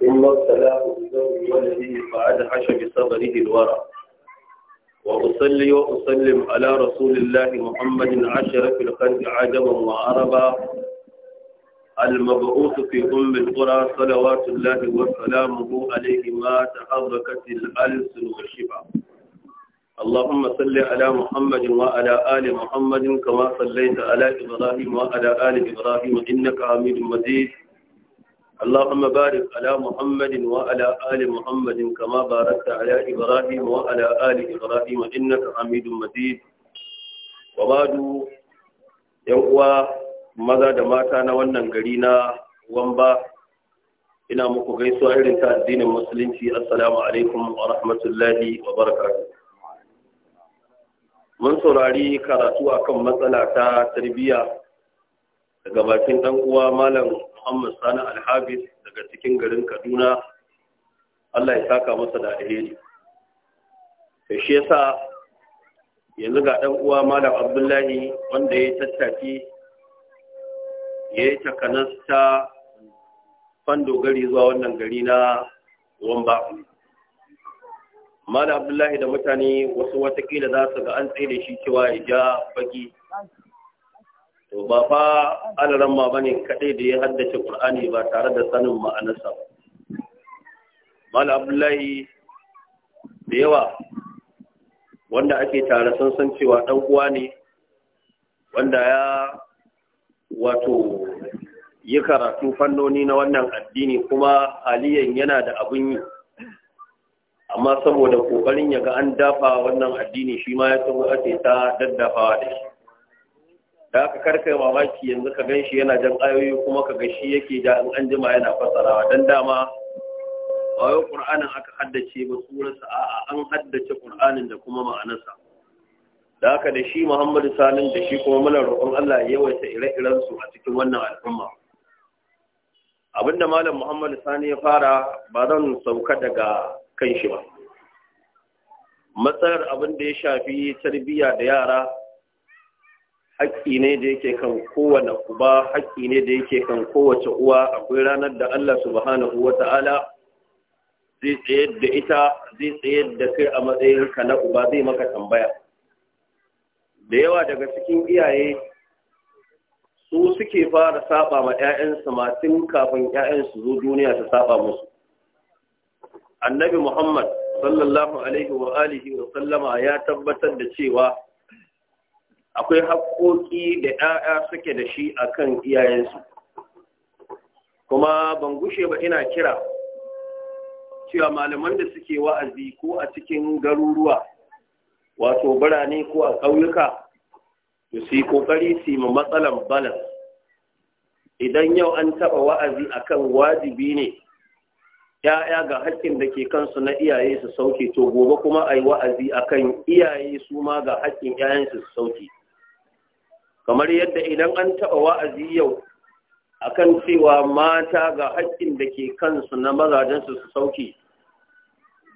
ثم ابتلاه بزوج ولده حش بصبره الورى وأصلي وأسلم على رسول الله محمد عشر في الخلق عجبا وعربا المبعوث في أم القرى صلوات الله وسلامه عليه ما تحركت الألسن والشفا اللهم صل على محمد وعلى آل محمد كما صليت على إبراهيم وعلى آل إبراهيم إنك حميد مجيد اللهم بارك على محمد وعلى آل محمد كما باركت على إبراهيم وعلى آل إبراهيم إنك حميد مجيد وبعد يوم maza da mata na wannan gari na wamba ina muku gaisuwa irin ta addinin musulunci assalamu alaikum wa rahmatullahi wa barakatuh mun saurari karatu akan matsala ta tarbiyya daga bakin dan uwa malam Muhammad Sani Alhabis daga cikin garin Kaduna Allah ya saka masa da alheri da shi yasa yanzu ga 'dan uwa Malam Abdullahi wanda ya tattaki ya yi takanasta fando gari zuwa wannan gari na Wamba Malam Abdullahi da mutane wasu watakila za su ga an tsaye da shi cewa ya ja baki to ba fa alaran ma bane kadai da ya haddace qur'ani ba tare da sanin ma'anarsa ba mal abdullahi da yawa wanda ake tare san san cewa dan uwa ne wanda ya wato yi karatu fannoni na wannan addini kuma aliyan yana da abin yi amma saboda kokarin ya ga an dafa wannan addini shi ma ya tsawo ake ta daddafawa da shi da haka karfe mamaki yanzu ka gan shi yana jan ayoyi kuma ka ga shi yake da an jima yana fasarawa dan dama ayoyin ƙur'ani aka haddace ba surarsa a'a an haddace qur'anin da kuma ma'anarsa da haka da shi muhammadu salim da shi kuma muna roƙon allah ya yawaita ire-irensu a cikin wannan al'umma abinda malam muhammadu sani ya fara ba zan sauka daga kan shi ba matsalar abin da ya shafi tarbiyya da yara haƙƙi ne da yake kan kowane uba haƙƙi ne da yake kan kowace uwa akwai ranar da Allah subhanahu ta'ala. zai tsayar da ita zai tsayar da kai a matsayinka na uba zai maka tambaya da yawa daga cikin iyaye su suke fara saba ma 'ya'yansu matin kafin 'ya'yansu zo duniya su saba musu annabi muhammad sallallahu alaihi wa alihi wa sallama ya tabbatar da cewa akwai haƙoƙi da ‘ya'ya suke da shi a kan iyayensu kuma ban gushe ba ina kira cewa malaman da suke wa'azi ko a cikin garuruwa wato birane ko a ƙauyuka da su yi ƙoƙari su yi matsalan balas idan yau an taɓa wa'azi a kan wajibi ne ‘ya'ya ga haƙƙin da ke kansu na iyaye su sauke to gobe kuma a yi wa'azi a kan iyaye su ma ga haƙƙin ‘ya'yansu su sauke kamar yadda idan an taɓa wa'azi yau a kan cewa mata ga haƙƙin da ke kansu na mazajensu su sauke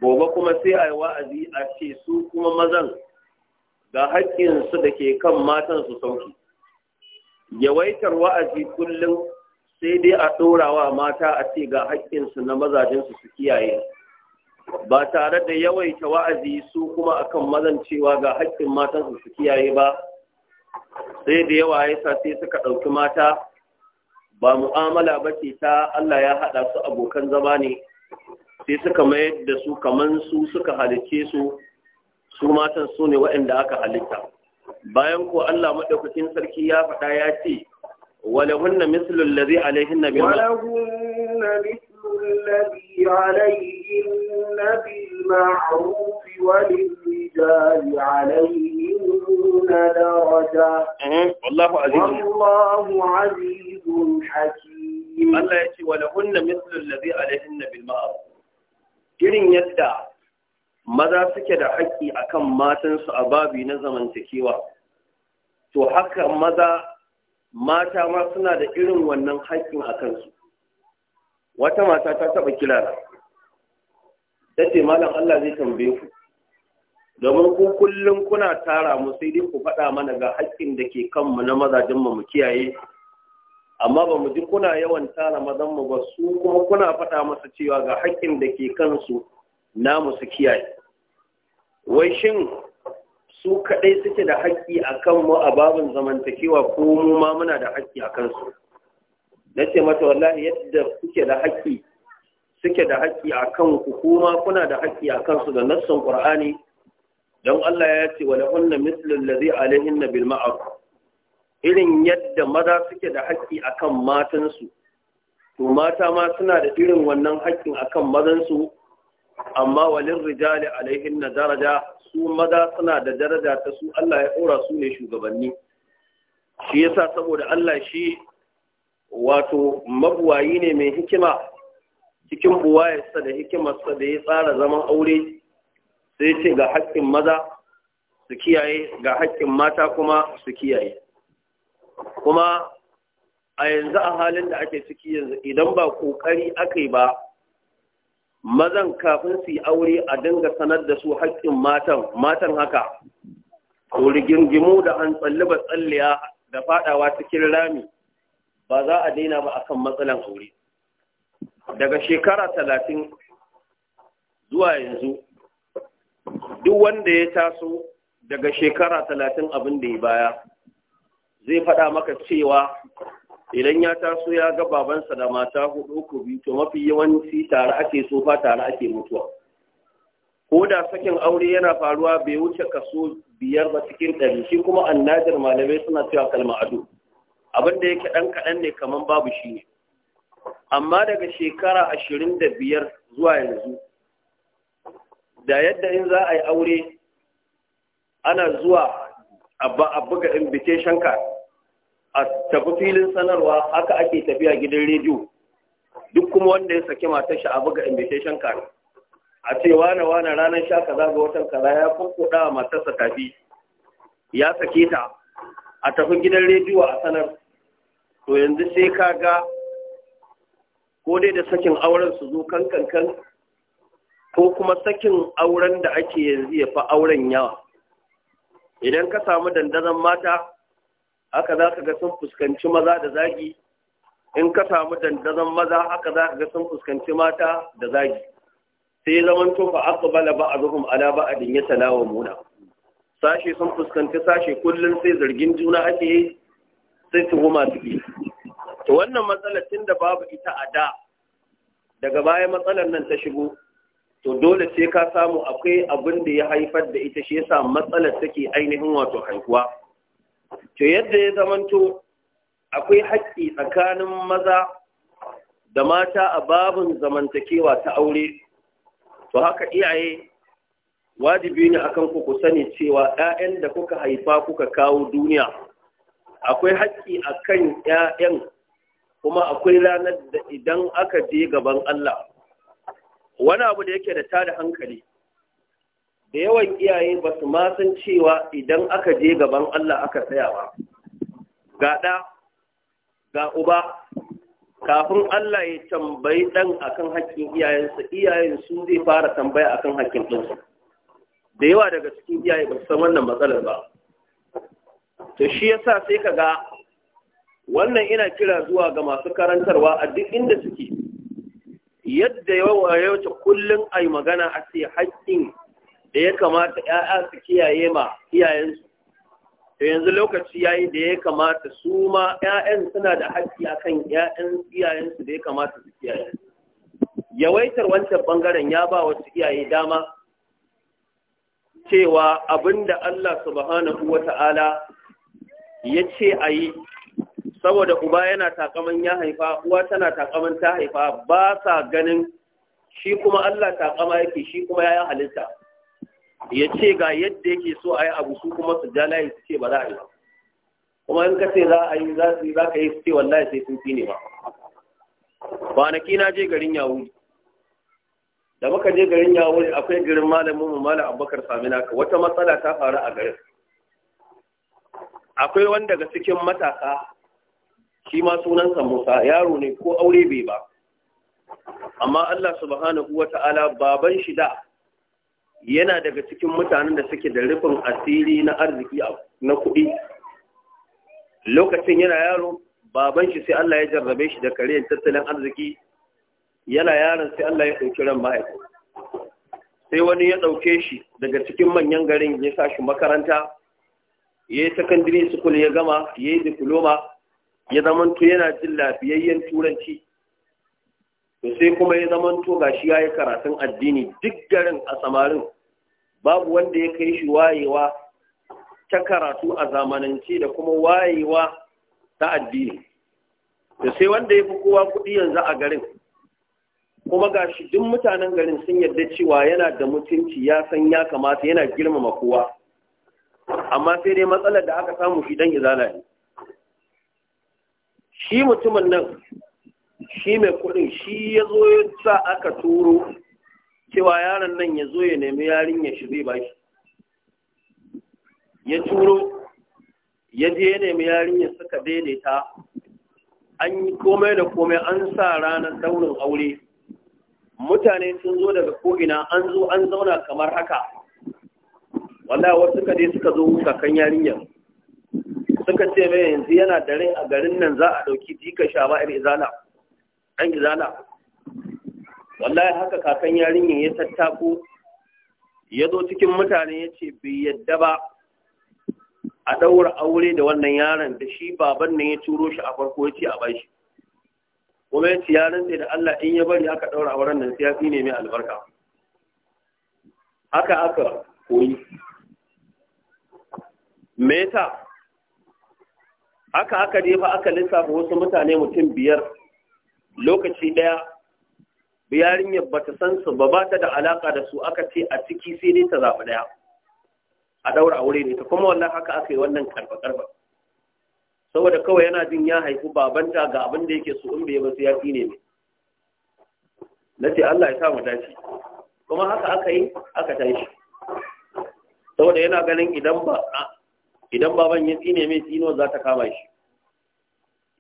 gobe kuma sai a yi wa'azi a ce su kuma mazan ga haƙƙinsu da ke kan matan su sauke yawaitar wa'azi kullum sai dai a ɗorawa mata a ce ga haƙƙinsu na mazajensu su kiyaye ba tare da yawaita wa'azi su kuma akan mazan cewa ga haƙƙin matansu su kiyaye ba sai da yawa ya sa sai suka ɗauki mata ba mu'amala ba ce ta Allah ya haɗa su abokan zama ne sai suka mayar da su kamar su suka halicce su su matan su ne waɗanda aka halitta bayan ko Allah maɗaukacin sarki ya faɗa ya ce hunna mislul ladhi alaihinna bil الذي عليهن بالمعروف وللرجال عليهن درجة والله عزيز والله عزيز حكيم الله يأتي ولهن مثل الذي عليهن بالمعروف irin yadda maza suke da haƙƙi akan matansu a babi na zamantakewa to haka maza mata ma suna da irin wannan haƙƙin a kansu wata mata ta taɓa kira ta ce malam Allah zai tambaye ku domin ku kullum kuna tara mu sai dai ku faɗa mana ga haƙƙin da ke kanmu na mazajen mu kiyaye amma ba mu ji kuna yawan tara mazan mu ba su kuma kuna faɗa masa cewa ga haƙƙin da ke kansu namu su kiyaye wai shin su kaɗai suke da haƙƙi a mu a babin zamantakewa ko mu ma muna da haƙƙi a kansu na ce mata wallahi yadda kuke da haƙƙi suke da haƙƙi a kan ku kuma kuna da haƙƙi a kansu da nassan Kur'ani don Allah ya ce wa lahunna mislul ladhi alaihinna bil ma'ruf irin yadda maza suke da haƙƙi akan matansu to mata ma suna da irin wannan haƙƙin akan mazansu amma walin rijali alaihinna daraja su maza suna da daraja ta su Allah ya ɗora su ne shugabanni shi yasa saboda Allah shi wato mabuwayi ne mai hikima cikin buwayarsa da hikimarsa da ya tsara zaman aure sai ce ga haƙƙin maza su kiyaye ga haƙƙin mata kuma su kiyaye kuma a yanzu a halin da ake ciki yanzu idan ba ƙoƙari aka yi ba mazan kafin su yi aure a dinga sanar da su haƙƙin matan matan haka ko rigingimu da an tsalli ba tsalliya da faɗawa cikin rami ba za a daina ba akan matsalan aure daga shekara talatin zuwa yanzu duk wanda ya taso daga shekara talatin abin da ya baya zai faɗa maka cewa idan ya taso ya ga babansa da mata hudu ko biyu to mafi yawanci tare ake sofa tare ake mutuwa ko da sakin aure yana faruwa bai wuce kaso biyar ba cikin ɗari shi kuma annajar malamai suna cewa kalma ado abin da yake ɗan kaɗan ne kamar babu shi ne amma daga shekara ashirin da biyar zuwa yanzu da yadda in za a yi aure ana zuwa a buga invitation card a tafi filin sanarwa haka ake tafiya gidan rediyo duk kuma wanda ya saki matar a buga invitation card a ce wane wane ranar sha kaza ga watan kaza ya kunkuɗa matarsa tafi ya sake ta a tafi gidan rediyo a sanar to yanzu sai ka ga ko dai da sakin auren su zo kan kankan ko kuma sakin auren da ake yanzu ya fi auren yawa idan ka samu dandazon mata haka za ka ga sun fuskanci maza da zagi in ka samu dandazon maza haka za ka ga sun fuskanci mata da zagi sai zaman tofa ba a ba'dhum ala ba'din muna sashe sun fuskanci sashe kullum sai zargin juna ake yi sai su su suke to wannan matsalar tun da babu ita a da daga baya matsalar nan ta shigo to dole sai ka samu akwai abin da ya haifar da ita shi yasa matsalar take ainihin wato haihuwa to yadda ya zamanto akwai haƙƙi tsakanin maza da mata a babin zamantakewa ta aure to haka iyaye wajibi ne akan ku ku sani cewa 'ya'yan da kuka haifa kuka kawo duniya akwai haƙƙi a kan ‘ya'yan kuma akwai ranar da idan aka je gaban Allah wani abu da yake da tada hankali da yawan iyaye ba su masu cewa idan aka je gaban Allah aka tsaya ba ga ɗa ga uba kafin Allah ya tambayi ɗan akan haƙƙin iyayensa iyayen su zai fara tambaya akan haƙƙin ɗinsu da yawa daga cikin iyaye ba su san wannan matsalar ba to shi yasa sai ka ga wannan ina kira zuwa ga masu karantarwa a duk inda suke yadda yawace kullum a yi magana a ce haƙƙin da ya kamata ‘ya'ya su kiyaye ma iyayensu to yanzu lokaci ya yi da ya kamata su ma ‘ya'yan suna da haƙƙi a kan ‘ya'yan iyayensu da ya kamata su kiyaye yawaitar wancan ɓangaren ya ba wasu iyaye dama cewa abinda Allah subhanahu wa ya ce a yi saboda uba yana takaman ya haifa uwa tana takaman ta haifa ba sa ganin shi kuma Allah takama yake shi kuma ya halitta ya ce ga yadda yake so a yi abu su kuma su ja layi su ce ba za a yi ba kuma in ka ce za a yi za su yi za ka yi su ce wallahi sai sun fi ne ba kwanaki na je garin yawo da muka je garin yawo akwai garin malamin mu malam abubakar samina ka wata matsala ta faru a garin akwai wanda daga cikin matasa shi ma sunansa Musa yaro ne ko aure bai ba amma Allah subhanahu wata'ala baban shi da yana daga cikin mutanen da suke da rufin asiri na arziki na kuɗi lokacin yana yaro baban shi sai Allah ya jarrabe shi da kare tattalin arziki yana yaron sai Allah ya ɗauki ran ma'aikata sai wani ya ɗauke shi daga cikin manyan garin ya sa shi makaranta ya yi secondary school ya gama ya yi diploma ya zamanto yana jin lafiyayyen turanci to sai kuma ya zamanto shi ya yi karatun addini duk garin a samarin babu wanda ya kai shi wayewa ta karatu a zamanance da kuma wayewa ta addini da sai wanda ya fi kowa kuɗi yanzu a garin kuma ga shi duk mutanen garin sun yarda cewa yana da mutunci ya san ya kamata yana girmama kowa amma sai dai matsalar da aka samu shi dan izala ne shi mutumin nan shi mai kuɗin shi ya zo ya sa aka turo cewa yaron nan ya zo ya nemi ya shi zai bashi ya turo ya je ya nemi yarinyar suka daidaita an yi komai da komai an sa ranar daurin aure mutane sun zo daga ko'ina an zo an zauna kamar haka wallahi wasu suka je suka zo kakan yarinyar suka ce mai yanzu yana da rai a garin nan za a ɗauki jika shama'ir izala zana. izala wallahi haka kakan yarinyar ya tattako ya zo cikin mutane ya ce bai yadda ba a ɗaura aure da wannan yaron da shi baban nan ya turo shi a farko ya ce a bashi kuma ya ce yaron sai da Allah in ya bari aka ɗaura auren nan sai fi ne mai albarka haka aka koyi Meta. aka haka aka je aka lissafa wasu mutane mutum biyar lokaci ɗaya biyarin ba ta san su ba ba ta da alaka da su aka ce a ciki sai ne ta zaɓi ɗaya a a aure ne ta kuma wannan haka aka yi wannan karfa-karfa saboda kawai yana jin ya haifu babanta ga abin da yake su in bai masu sai ne ne na ce Allah ya sa mu dace kuma haka aka yi aka tashi saboda yana ganin idan ba idan baban ya tsine mai tsino za ta kama shi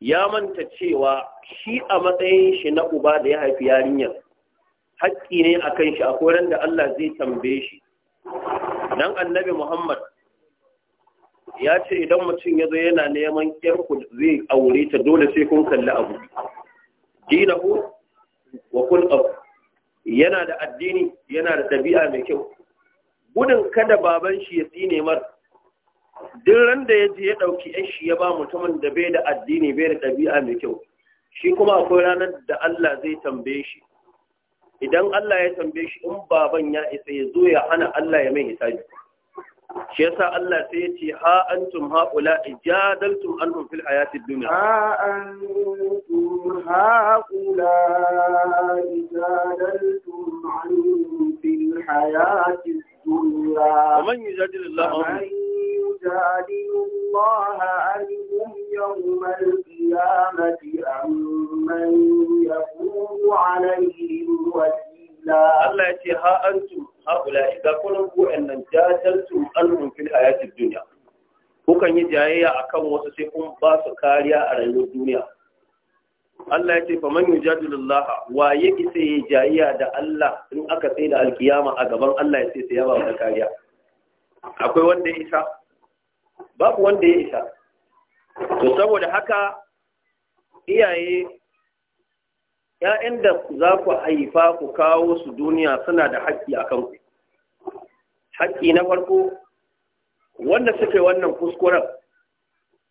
ya manta cewa shi a matsayin shi na uba da ya haifi yarinyar haƙƙi ne a kan shi a koren da Allah zai tambaye shi dan annabi Muhammad ya ce idan mutum ya zo yana neman ƙyarku zai aure ta dole sai kun kalli abu dinahu wa kun abu yana da addini yana da ɗabi'a mai kyau gudun kada baban shi ya tsine mar duk ran da ya je ya ɗauki yan shi ya ba mutumin da bai da addini bai da ɗabi'a mai kyau shi kuma akwai ranar da Allah zai tambaye shi idan Allah ya tambaye shi in baban ya isa ya zo ya hana Allah ya mai hisabi shi yasa Allah sai ya ce ha antum haula ijadaltum anhum fil hayatid dunya ha antum haula ijadaltum anhum fil hayatid dunya wa man yujadilu Allah تجادل الله عنهم يوم القيامة أمن يكون عليهم وكيلا الله يتي ها أنتم هؤلاء إذا كنتم أن جادلتم أنهم في الحياة الدنيا kukan yi jayayya a kan wasu sai kun ba su kariya a rayuwar duniya Allah ya ce fa man yujadilullah wa ya isa yi jayayya da Allah in aka sai da alkiyama a gaban Allah ya ce sai ya ba kariya akwai wanda ya isa babu wanda ya isa to saboda haka iyaye ‘ya'yan da za ku haifa ku kawo su duniya suna da haƙƙi a kanku haƙƙi na farko wanda suke wannan kuskuren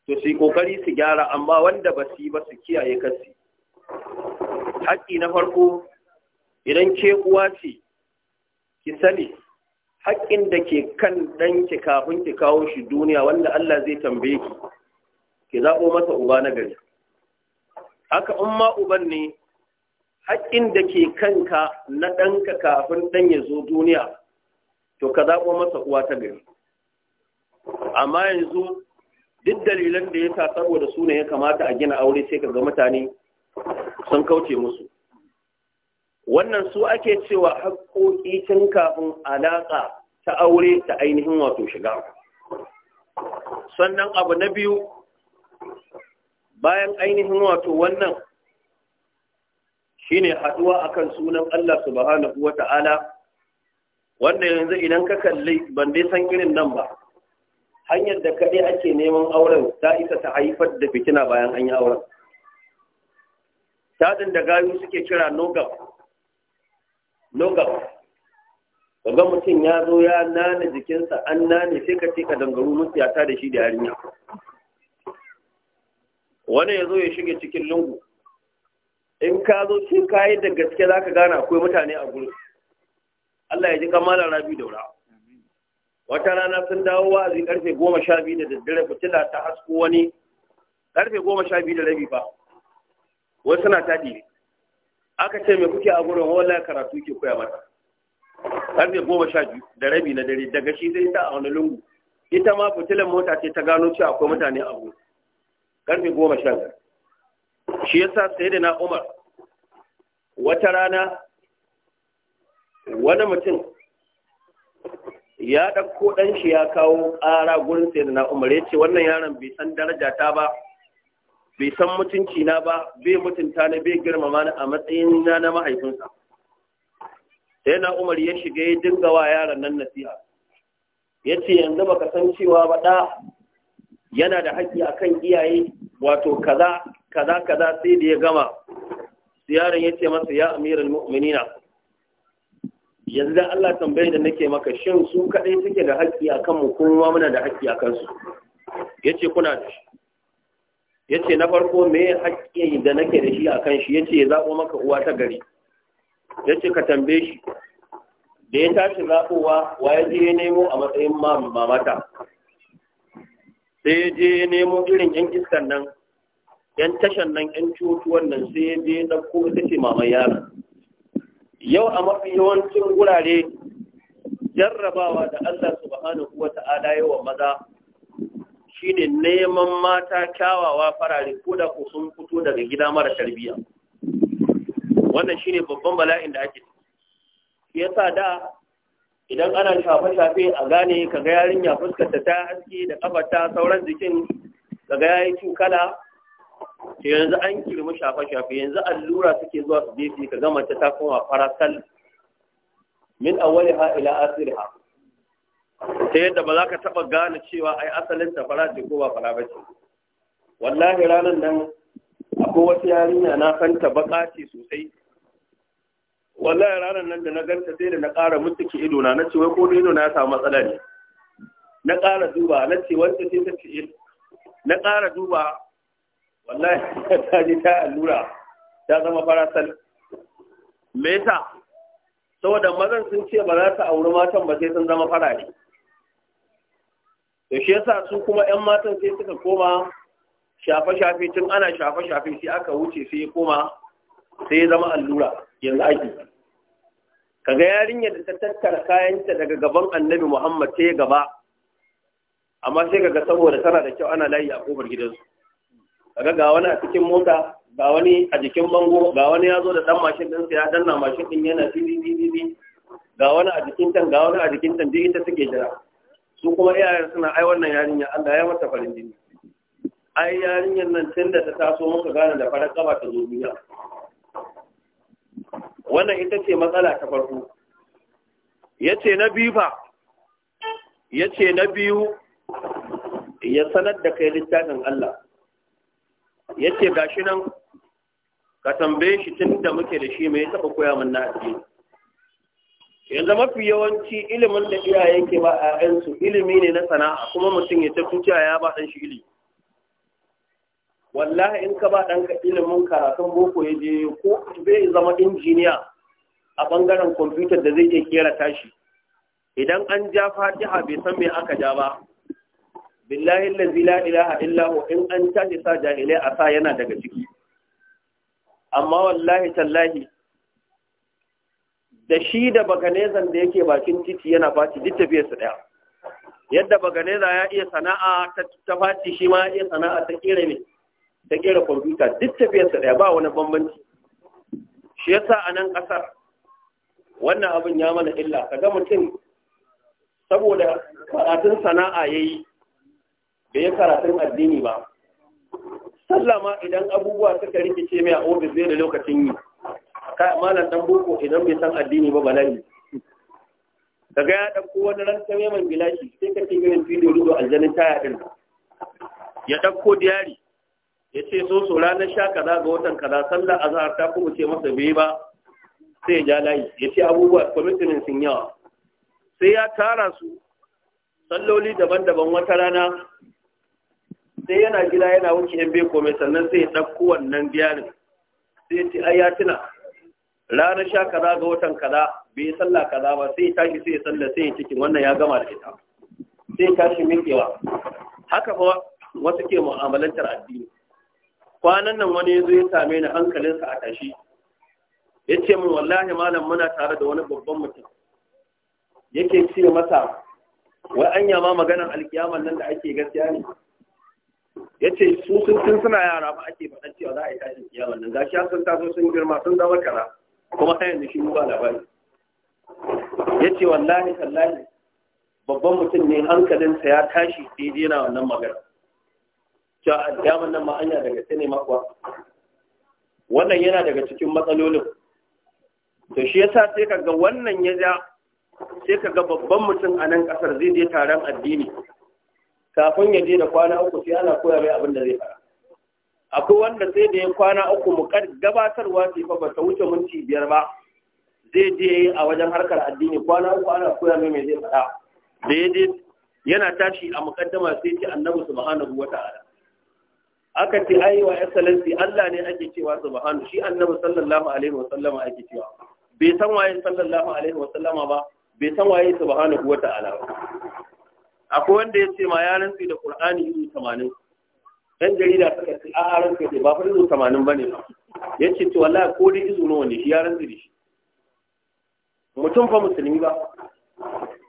to su yi ƙoƙari su gyara amma wanda ba su yi ba su kiyaye kasi haƙƙi na farko idan ke uwa ce ki sani haƙƙin da ke kan ɗanki kafin ki kawo shi duniya wanda Allah zai tambaye ki ki zaɓo masa uba na gari haka in ma uban ne haƙƙin da ke kanka na ɗanka kafin ɗan ya zo duniya to ka zaɓo masa uwa ta gari amma yanzu duk dalilan da ya sa saboda su ne ya kamata a gina aure sai ga mutane sun kauce musu wannan su ake cewa haƙoƙi tun kafin alaƙa ta aure ta ainihin wato shiga sannan abu na biyu bayan ainihin wato wannan shine haduwa akan sunan Allah subhanahu wata'ala wanda yanzu idan ka kalli ban dai san irin nan ba hanyar da kaɗai ake neman auren ta isa ta haifar da fitina bayan an yi auren tadin da gayu suke kira nogab nogab kaga mutum ya zo ya nana jikinsa an nane sai ka ce ka dangaru musu ya ta da shi da yarinya wani ya zo ya shiga cikin lungu in ka zo shi kayi da gaske za ka gana akwai mutane a gurin Allah ya ji kamala rabi daura wata rana sun dawo wa'azi karfe goma sha biyu da daddare fitila ta hasko wani karfe goma sha biyu da rabi fa wasu na taɗi aka ce me kuke a gurin wani karatu ke koya mata karfe goma sha biyu da rabi na dare daga shi zai ta a wani lungu ita ma fitilan mota ce ta gano cewa akwai mutane a wurin karfe goma sha biyar shi yasa sai da na umar wata rana wani mutum ya ɗauko ɗan shi ya kawo ƙara gurin sai da na umar ya ce wannan yaron bai san daraja ta ba bai san mutunci na ba bai mutunta na bai girmama ni a matsayin na na mahaifinsa sai na umar ya shiga ya dinga wa yaran nan nasiha ya ce yanzu baka san cewa ba ɗa yana da haƙƙi akan iyaye wato kaza kaza kaza sai da ya gama yaron ya ce masa ya amiral mu'minina yanzu da Allah tambaye da nake maka shin su kaɗai suke da haƙƙi a kanmu kuma muna da haƙƙi a kansu ya ce kuna da shi ya ce na farko me haƙƙi da nake da shi a kan shi ya ce ya zaɓo maka uwa ta gari ya ce ka tambaye shi da ya tashi zaɓowa wa ya je ya nemo a matsayin mamata sai ya je ya nemo irin yan iskan nan yan tashan nan yan cutuwan nan sai ya je ya ɗauko ita ce yau a mafi yawancin wurare jarrabawa da Allah subhanahu wa ta'ala yawa maza shine neman mata kyawawa farare ko da ku sun fito daga gida mara tarbiyya wannan shi ne babban bala'in da ake Ya sa da idan ana shafe-shafe a gane kaga yarinya fuskarta ta haske da kafata sauran jikin kaga yayi kala ke yanzu an kirmi shafe-shafe yanzu allura suke zuwa su jefi ka gama ta koma farasal min ha'ila ila ha. ta yadda ba za ka taba gane cewa ai asalin ta fara ce ko ba fara ba ce wallahi ranar nan akwai wasu yarinya na kanta baka sosai wallahi ranar nan da na ganta sai da na ƙara mutuki ido na nace wai ko ido na ya samu matsala ne na ƙara duba na ce wanda sai ta ce na ƙara duba wallahi ta ji ta allura ta zama farasal me yasa saboda mazan sun ce ba za ta auri matan ba sai sun zama farare da shi yasa su kuma 'yan matan sai suka koma shafe-shafe tun ana shafe-shafe sai aka wuce sai ya koma sai ya zama allura yanzu ake kaga yarinyar da ta tattara kayanta daga gaban annabi muhammad ta gaba amma sai kaga saboda tana da kyau ana layi a kofar gidansu kaga ga wani a cikin mota ga wani a jikin bango ga wani ya zo da dan mashin ɗinsa ya danna mashin ɗin yana fili ga wani a jikin can ga wani a jikin can duk ita suke jira su kuma iyayen suna ai wannan yarinya Allah ya mata farin jini ai yarinyar nan tun da ta taso muka gane da farar kaba ta zo duniya wannan ita ce matsala ta farko ya ce na biyu fa ya ce na biyu ya sanar da kai littafin Allah ya ce ga shi nan ka tambaye shi tun da muke da shi mai taɓa koya min na ajiye yanzu mafi yawanci ilimin da iyaye ke ba a ilimi ne na sana'a kuma mutum ya tafi tuciya ya ba ɗan shi ilimi wallahi in ka ba ɗanka ilimin karatun boko ya je ko zai zama injiniya a bangaren kwamfutar da zai iya kera tashi idan an ja fatiha bai san me aka ja ba billahi lazi la ilaha illahu in an tashi sa jahilai a sa yana daga ciki amma wallahi tallahi da shi da baganezan da yake bakin titi yana faci duk su daya. yadda baganeza ya iya sana'a ta faci shi ma ya iya sana'a ta kera ne ta gera kwamfuta duk tafiyarsa ɗaya ba wani bambanci shi yasa a nan ƙasar wannan abin ya mana illa ka ga mutum saboda karatun sana'a ya yi bai yi karatun addini ba sallama idan abubuwa suka rikice mai a ofis zai da lokacin yi malam dan boko idan bai san addini ba bala'i daga ya ɗauko wani ranta mai man gilashi sai ka ce irin bidiyo rudo aljanin taya ɗin ya ɗauko diyari ya ce so so ranar sha kaza ga watan kaza sallar azhar ta kuma ce masa bai ba sai ya ja layi ya ce abubuwa kwamitinan sun yawa sai ya tara su salloli daban-daban wata rana sai yana gida yana wuce yan bai kome sannan sai ya ɗauko wannan biyanin sai ya ce ai ya tuna ranar sha kaza ga watan kaza bai yi sallah kaza ba sai ya tashi sai ya sallah sai ya cikin wannan ya gama da ita sai ya tashi miƙewa haka fa wasu ke mu'amalantar addini kwanan nan wani ya zo ya same ni hankalinsa a tashi ya ce min wallahi malam muna tare da wani babban mutum yake ce masa wai an yama maganar alkiyaman nan da ake gaskiya ne ya ce su sun suna yara ba ake faɗan cewa za a yi tashin kiyaman nan gashi sun taso sun girma sun zama kara kuma har yanzu shi ba labari ya ce wallahi tallahi babban mutum ne hankalinsa ya tashi daidai na wannan magana cewa addaman nan ma'anya daga sai ne makuwa wannan yana daga cikin matsalolin to shi yasa sai kaga wannan ya ja sai kaga babban mutum a nan kasar zai je taron addini kafin ya je da kwana uku sai ana koya mai abin da zai fara akwai wanda sai da ya kwana uku mu gabatarwa ce fa ba ta wuce minti biyar ba zai je a wajen harkar addini kwana uku ana koya mai mai zai fara da ya je yana tashi a mukaddama sai ce annabi subhanahu ta'ala aka ce ai wa excellency Allah ne ake cewa subhanahu shi annabi sallallahu alaihi wa sallama ake cewa bai san waye sallallahu alaihi wa sallama ba bai san waye subhanahu wa ta'ala ba akwai wanda ya ce ma ya rantsi da qur'ani yuzu 80 dan jarida suka ce a rantsi da ba fa yuzu 80 bane ba yace to wallahi ko dai izu nawa ne shi ya rantsi da shi mutum fa musulmi ba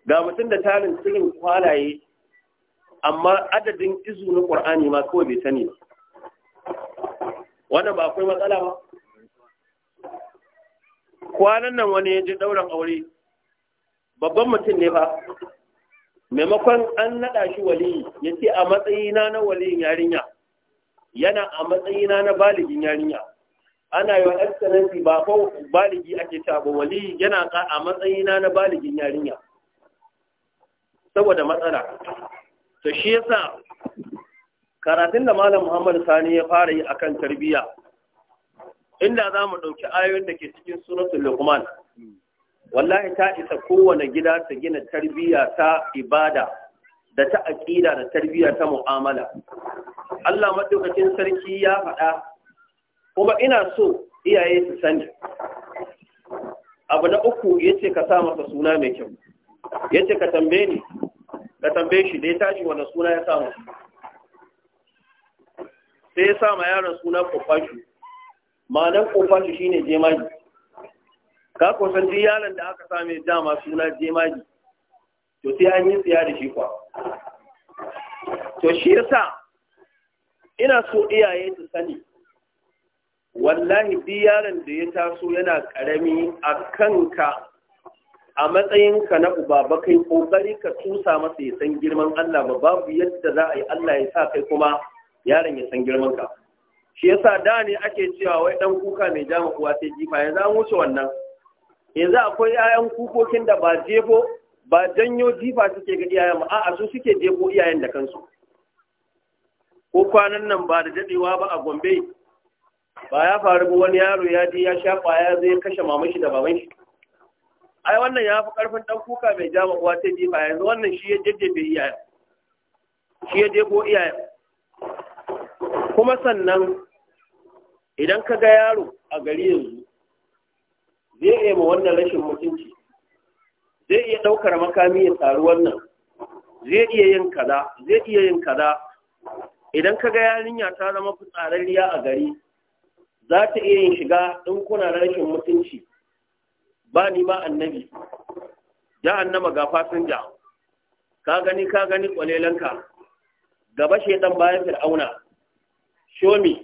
ga mutum da tarin cikin kwalaye amma adadin izu na qur'ani ma kawai bai sani ba wannan ba akwai matsala ba kwanan nan wani ya ji ɗauran aure babban mutum ne ba. maimakon an naɗa shi waliyi ya ce a matsayina na waliyin yarinya yana a matsayina na baligin yarinya ana yi wa excellency ba ko baligi ake ta ba waliyi yana ka a matsayina na baligin yarinya saboda matsala to shi yasa karatun da malam muhammad sani ya fara yi akan tarbiyya inda za mu ɗauki ayoyin da ke cikin suratu luqman wallahi ta isa kowane gida ta gina tarbiyya ta ibada da ta aƙida da tarbiyya ta mu'amala Allah madaukakin sarki ya faɗa kuma ina so iyaye su sani abu na uku yace ka sa masa suna mai kyau yace ka tambaye ni ka tambaye shi da ya tashi wani suna ya sa masa sai ya sa ma yaron suna kofashi ma'anar kofashi shine jemagi ka kusan duk yaron da aka same dama suna jemagi to sai an yi tsaya da shi kwa to shi sa ina so iyaye su sani wallahi bi yaron da ya taso yana karami a kanka a matsayinka na uba ba kai kokari ka tusa masa ya san girman Allah ba babu yadda za a yi Allah ya sa kai kuma yaron ya san girman ka shi yasa da ne ake cewa wai dan kuka mai jama uwa sai jifa yanzu an wuce wannan yanzu akwai 'ya'yan kukokin da ba jefo ba janyo jifa suke ga iyayen ma a'a su suke jefo iyayen da kansu ko kwanan nan ba da dadewa ba a Gombe ba ya faru ba wani yaro ya je ya sha kwaya zai kashe maman shi da baban shi ai wannan ya fi karfin dan kuka mai jama uwa sai jifa yanzu wannan shi ya jefe iyayen shi ya jefo iyayen kuma sannan idan ka ga yaro a gari yanzu zai iya ma wannan rashin mutunci zai iya ɗaukar makami ya tsari wannan zai iya yin kaza zai iya yin kaza idan ka ga yarinya ta zama fitsararriya a gari za ta iya yin shiga in kuna rashin mutunci ba ni ma annabi ja annama ga fasinja ka gani ka gani kwalelanka gaba shaidan bayan fir'auna shomi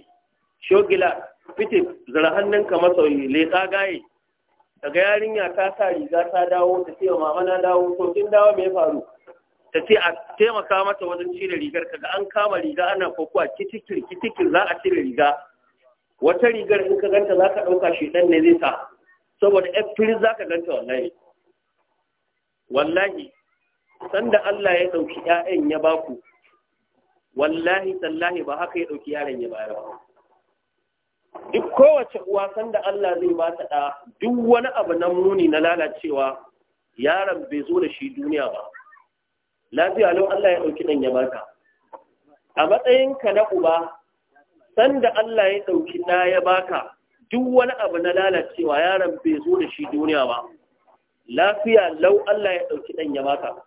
shogila fitin zara hannunka masauyi leƙa gaye daga yarinya ta sa riga ta dawo ta ce mama na dawo to kin dawo me faru ta ce a taimaka mata wajen cire rigar ka ga an kama riga ana kokowa kitikir kitikir za a cire riga wata rigar in ka ganta za ka ɗauka shi ɗan ne zai sa saboda za ganta wallahi wallahi sanda Allah ya ɗauki 'ya'yan ya baku wallahi tallahi ba haka ya ɗauki yaron ya bayar ba duk kowace uwa sanda Allah zai ba ta ɗa duk wani abu na muni na lalacewa yaron bai zo da shi duniya ba lafiya lau Allah ya ɗauki ɗan ya baka a matsayinka na uba sanda Allah ya ɗauki ɗa ya baka duk wani abu na lalacewa yaron bai zo da shi duniya ba lafiya lau Allah ya ɗauki ɗan ya baka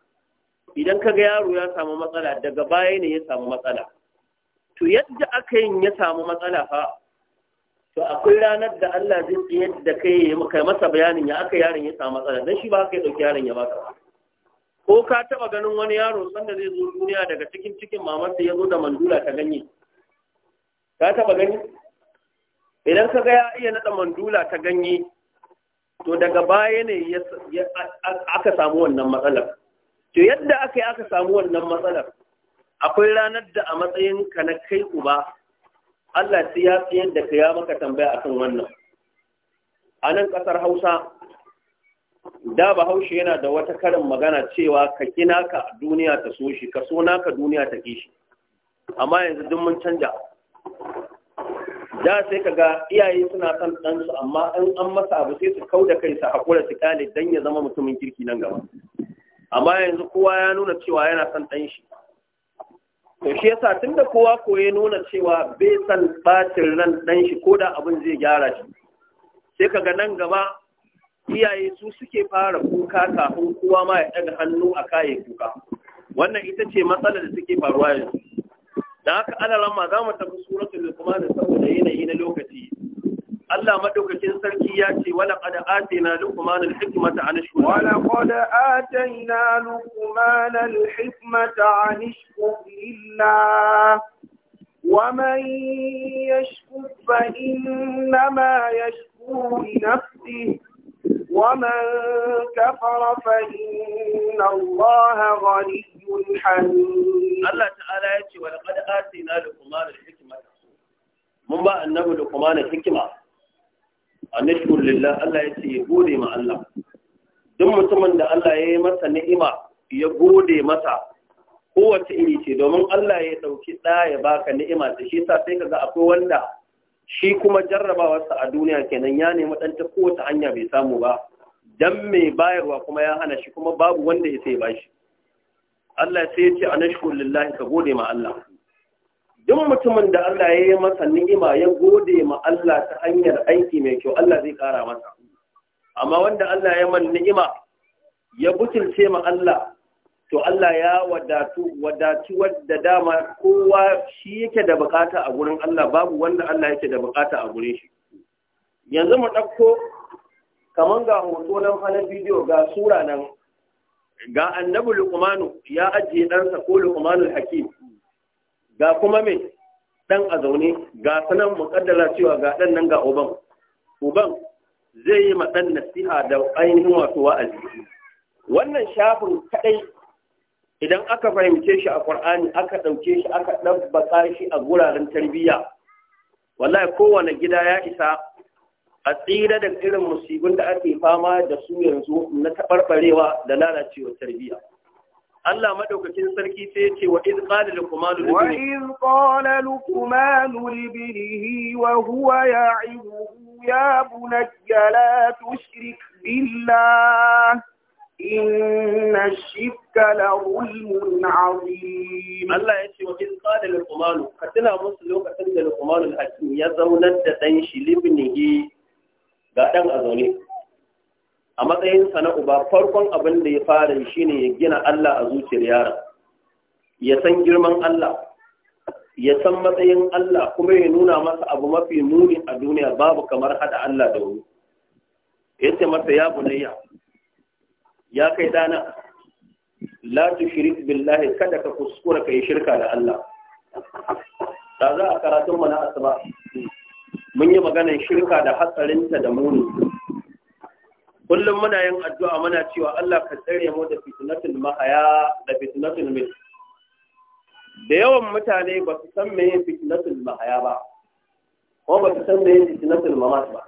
idan kaga yaro ya samu matsala daga baya ne ya samu matsala to yadda aka yin ya samu matsala fa to akwai ranar da Allah zai tsaye da kai ya maka masa bayanin ya aka yaron ya samu matsala dan shi ba ka dauki yaron ya baka ko ka taba ganin wani yaro sanda zai zo duniya daga cikin cikin mamarsa ya zo da mandula ta ganye ka taba gani idan ka ga ya iya naɗa mandula ta ganye to daga baya ne aka samu wannan matsalar to yadda aka yi aka samu wannan matsalar akwai ranar da a matsayin ka na kai uba Allah sai ya tsayar da ka ya maka tambaya akan wannan a nan ƙasar Hausa da Bahaushe yana da wata karin magana cewa ka kina ka duniya ta so shi ka so naka duniya ta ki shi amma yanzu duk mun canja da sai ka ga iyaye suna son ɗansu amma in an masa abu sai su kau da kai su haƙura su kale don ya zama mutumin kirki nan gaba amma yanzu kowa ya nuna cewa yana son ɗan shi to shi yasa da kowa ko ya nuna cewa bai san ɓacin ran ɗan shi ko da abin zai gyara shi sai kaga nan gaba iyaye su suke fara kuka kafin kowa ma ya ɗaga hannu a kayan kuka wannan ita ce matsalar da suke faruwa yanzu da haka alalan ma za mu tafi suratul da saboda yanayi na lokaci Allah madaukakin sarki ya ce wala qad atayna luqman al-hikmata an ashkura wala qad atayna luqman al-hikmata an ashkura lillah ومن يشكر فإنما يشكر لنفسه ومن كفر فإن الله غني حميد الله تعالى يقول ولقد آتينا لقمان الحكمة من بقى النبي لقمان الحكمة a nashkur lillah Allah ya ce ya gode ma Allah duk mutumin da Allah ya yi masa ni'ima ya gode masa kowace iri ce domin Allah ya ɗauki ɗa ya baka ni'ima ta shi sa sai kaga akwai wanda shi kuma jarrabawarsa a duniya kenan ya nemi ɗan ta kowace hanya bai samu ba dan mai bayarwa kuma ya hana shi kuma babu wanda ya sai bashi Allah sai ya ce a nashkur lillahi ka gode ma Allah duk mutumin da Allah ya yi masa ni'ima ya gode ma Allah ta hanyar aiki mai kyau Allah zai kara masa amma wanda Allah ya man ni'ima ya butulce ma Allah to Allah ya wadatu wadatu wadda dama kowa shi yake da bukata a gurin Allah babu wanda Allah yake da bukata a gurin shi yanzu mu ɗauko kaman ga hoto nan fa bidiyo ga sura nan ga annabi Lukmanu ya ajiye ɗansa ko luqmanul hakim ga kuma me dan a zaune ga sanan muƙaddala cewa ga dan nan ga uban uban zai yi madan nasiha da ainihin wato wa'azi wannan shafin kadai idan aka fahimce shi a ƙur'ani aka ɗauke shi aka ɗabbaka shi a guraren tarbiyya wallahi kowane gida ya isa a tsira da irin musibin da ake fama da su yanzu na taɓarɓarewa da lalacewar tarbiyya Allah madaukakin sarki sai ya ce wa iz qala luqmanu wa iz qala luqmanu li wa huwa ya'iduhu ya bunayya la tushrik billah inna shirka la zulmun azim Allah ya ce wa iz qala luqmanu ka tuna musu lokacin da luqmanu hakim ya zaunar da dan shi libnihi ga dan a zaune a matsayinsa na uba farkon abin da ya fara shi ne ya gina Allah a zuciyar yaron ya san girman Allah ya san matsayin Allah kuma ya nuna masa abu mafi nuni a duniya babu kamar hada Allah da wuri yace masa ya bunayya ya kai dana la tushrik billahi kada ka kuskura kai shirka da Allah da za a karatun mu na asuba mun yi maganar shirka da hatsarinta da muni kullum muna yin addu'a muna cewa Allah ka tsare mu da fitnatul mahaya da fitnatul mai da yawan mutane ba su san meye fitnatul mahaya ba ko ba su san meye fitnatul mamat ba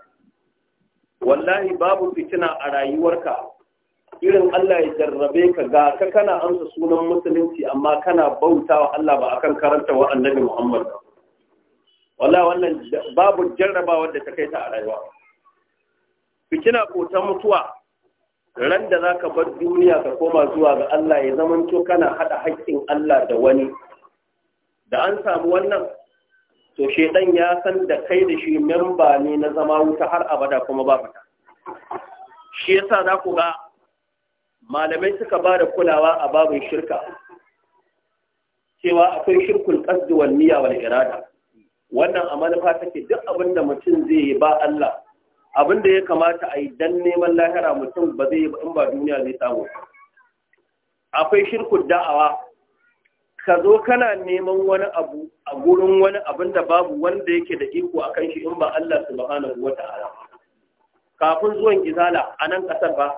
wallahi babu fitina a rayuwarka irin Allah ya jarrabe ka ga ka kana amsa sunan musulunci amma kana bautawa Allah ba akan karanta wa annabi Muhammad wallahi wannan babu jarrabawa da ta kai ta a rayuwa kina kotan mutuwa ran da zaka bar duniya ka koma zuwa ga Allah ya zamanto kana haɗa haƙƙin Allah da wani da an samu wannan to shedan ya san da kai da shi memba ne na zama wuta har abada kuma ba fita shi yasa za ku ga malamai suka ba da kulawa a babin shirka cewa akwai shirkul qasdi wal niyya wal irada wannan a manufa take duk abinda mutum zai yi ba Allah abin da ya kamata a yi dan neman lahira mutum ba zai in ba duniya zai samu akwai shirkun da'awa ka zo kana neman wani abu a gurin wani abin da babu wanda yake da iko a kan shi in ba Allah subhanahu wa ta'ala kafin zuwan izala a nan ƙasar ba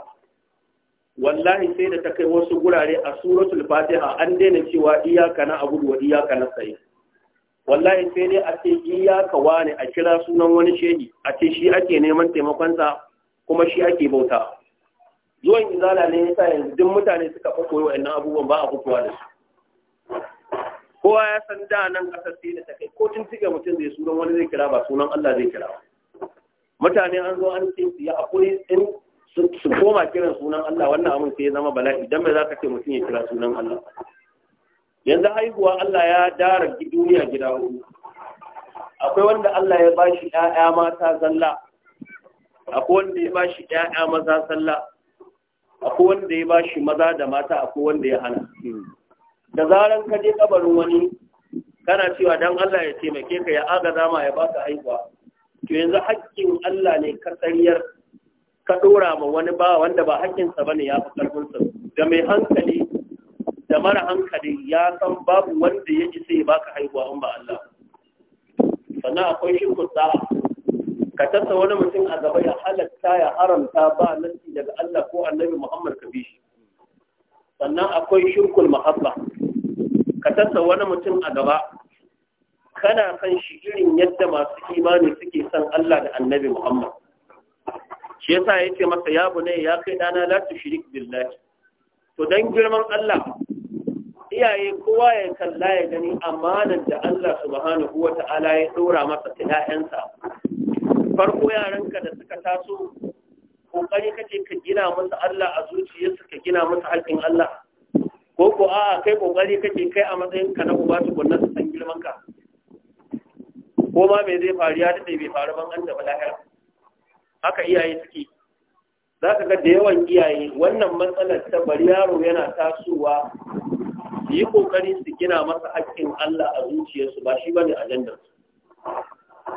wallahi sai da ta kai wasu gurare a suratul fatiha an daina cewa iyaka na abudu wa iyaka na sayi wallahi sai dai a ce iyaka wani a kira sunan wani shehi a ce shi ake neman taimakonsa kuma shi ake bauta zuwan izala ne yasa yanzu duk mutane suka fa koyi wa'annan abubuwan ba a fitowa da su kowa ya san da nan kasar sai da ta kai ko tuntuɓe mutum zai sunan wani zai kira ba sunan Allah zai kira mutane an zo an ce su ya akwai in su koma kiran sunan Allah wannan abin sai ya zama bala'i dan me zaka ce mutum ya kira sunan Allah yanzu haihuwa Allah ya dara duniya gida hudu akwai wanda Allah ya ba shi ‘ya'ya mata zalla akwai wanda ya ba shi ‘ya'ya maza zalla akwai wanda ya ba shi maza da mata akwai wanda ya hana da zaran ka je kabarin wani kana cewa don Allah ya taimake ka ya agaza ma ya baka haihuwa to yanzu hakkin Allah ne ka tsariyar ka ɗora ma wani ba wanda ba haƙƙinsa ba ne ya fi ƙarfinsa da mai hankali da mara hankali ya san babu wanda ya ji sai baka haihuwa in ba Allah sannan akwai shi kutsa ka tasa wani mutum a gaba ya halatta ya haramta ba nasi daga Allah ko annabi Muhammad ka shi sannan akwai shirkul mahabba ka tasa wani mutum a gaba kana san shi irin yadda masu imani suke san Allah da annabi Muhammad shi yasa yace masa ya bune ya kai dana la tushrik billahi to dan girman Allah iyaye kowa ya kalla ya gani amanan da Allah subhanahu wa ta'ala ya dora masa ta ƴaƴansa farko yaranka da suka taso kokari kake ka gina musu Allah a zuciyarsu ka gina musu haƙin Allah ko ko a kai kokari kake kai a matsayin ka na uba tukunna su san girman ka ko ma me zai faru ya dade bai faru ban an da lahira haka iyaye suke za ka ga da yawan iyaye wannan matsalar ta bari yaro yana tasowa yi kokari su gina masa haƙƙin Allah a zuciyarsu ba shi bane ajandar su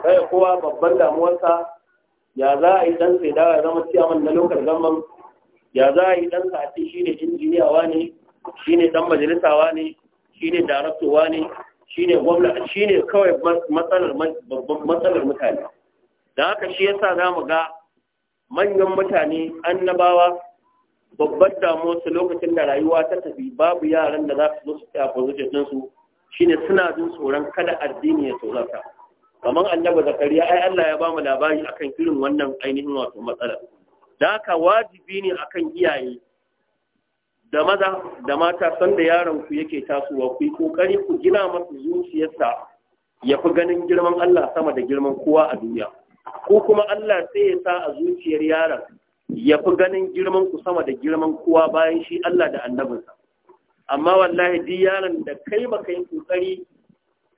kai kowa babban damuwarsa ya za a yi dan sai da ya zama ciyaman na lokacin zaman ya za a yi dan sa a ce shine injiniyawa ne shine dan majalisawa ne shine wa ne shine gwamna shine kawai matsalar babban matsalar mutane da haka shi yasa zamu ga manyan mutane annabawa babban damuwar lokacin da rayuwa ta tafi babu yaran da za su zo su tsaya position din su shine suna jin tsoron kada addini ya tsorata kamar annabi zakariya ai Allah ya ba mu labari akan irin wannan ainihin wato matsala da haka wajibi ne akan iyaye da maza da mata sanda yaron ku yake tasowa ku yi kokari ku gina masa zuciyarsa ya fi ganin girman Allah sama da girman kowa a duniya ko kuma Allah sai ya sa a zuciyar yaron ya fi ganin girman ku sama da girman kowa bayan shi Allah da annabinsa amma wallahi duk yaron da kai baka yi kokari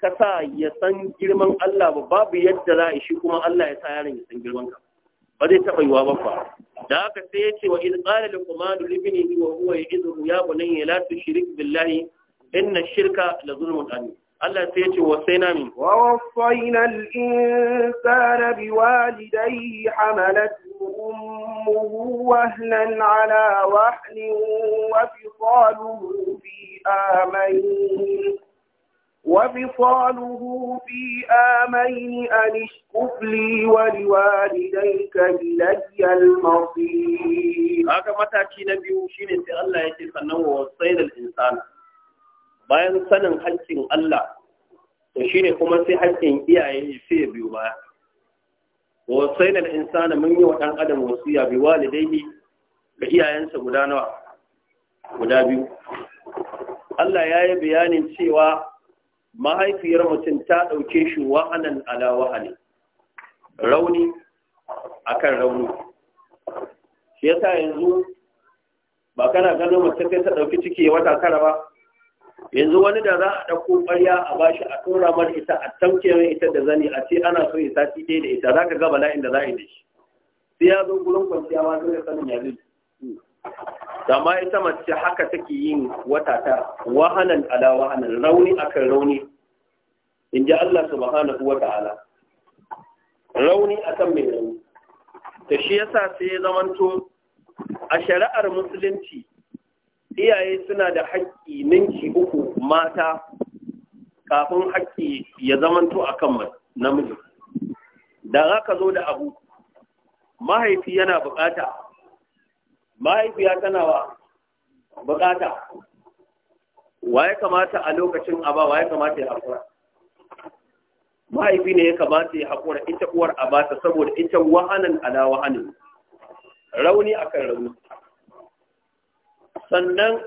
ka sa ya san girman Allah ba babu yadda za a shi kuma Allah ya sa yaron ya san girman ka ba zai taɓa yiwa ba fa da haka sai ya ce wa in kuma da li ibnihi wa huwa ya'idhu ya ya latu shirik billahi inna shirka la zulmun ani. Allah sai ya ce wasaina min wa wasaina al-insana biwalidayhi hamalat أمه وهنا على وحن وفصاله في آمين وفصاله في آمين أن اشكف لي ولوالديك إلي المصير هذا متاكي نبي وشين سي الله يتفنن وصيد الإنسان bayan sanin haƙƙin Allah to shine kuma sai haƙƙin iyaye sai biyu baya wa sainal insana mun yi wa ɗan adam wasiya bi walidaihi ga iyayensa guda nawa guda biyu Allah ya yi bayanin cewa mahaifiyar mutum ta ɗauke shi wahanan ala wahane rauni akan rauni shi yasa yanzu ba kana gano mace sai ta ɗauki ciki ya wata kara ba yanzu wani da za a ɗauko ƙwarya a bashi a tura mar ita a tauke mai ita da zani a ce ana so ya sati ɗaya da ita za ka gaba la'in da za a yi da shi sai ya zo gurin kwanciya ma zai sanin ya zai amma ita mace haka take yin wata ta wahanan ala wahanan rauni akan rauni in ji Allah subhanahu wa ta'ala rauni akan mai rauni ta shi yasa sai ya zamanto a shari'ar musulunci iyaye suna da haƙƙi ninki uku mata kafin haƙƙi ya zamanto a kan namiji da za ka zo da abu mahaifi yana buƙata mahaifiya tana wa buƙata wa ya kamata a lokacin aba wa ya kamata ya haƙura mahaifi ne ya kamata ya haƙura ita uwar a ta saboda ita wahanan ala wahanin rauni akan rauni sannan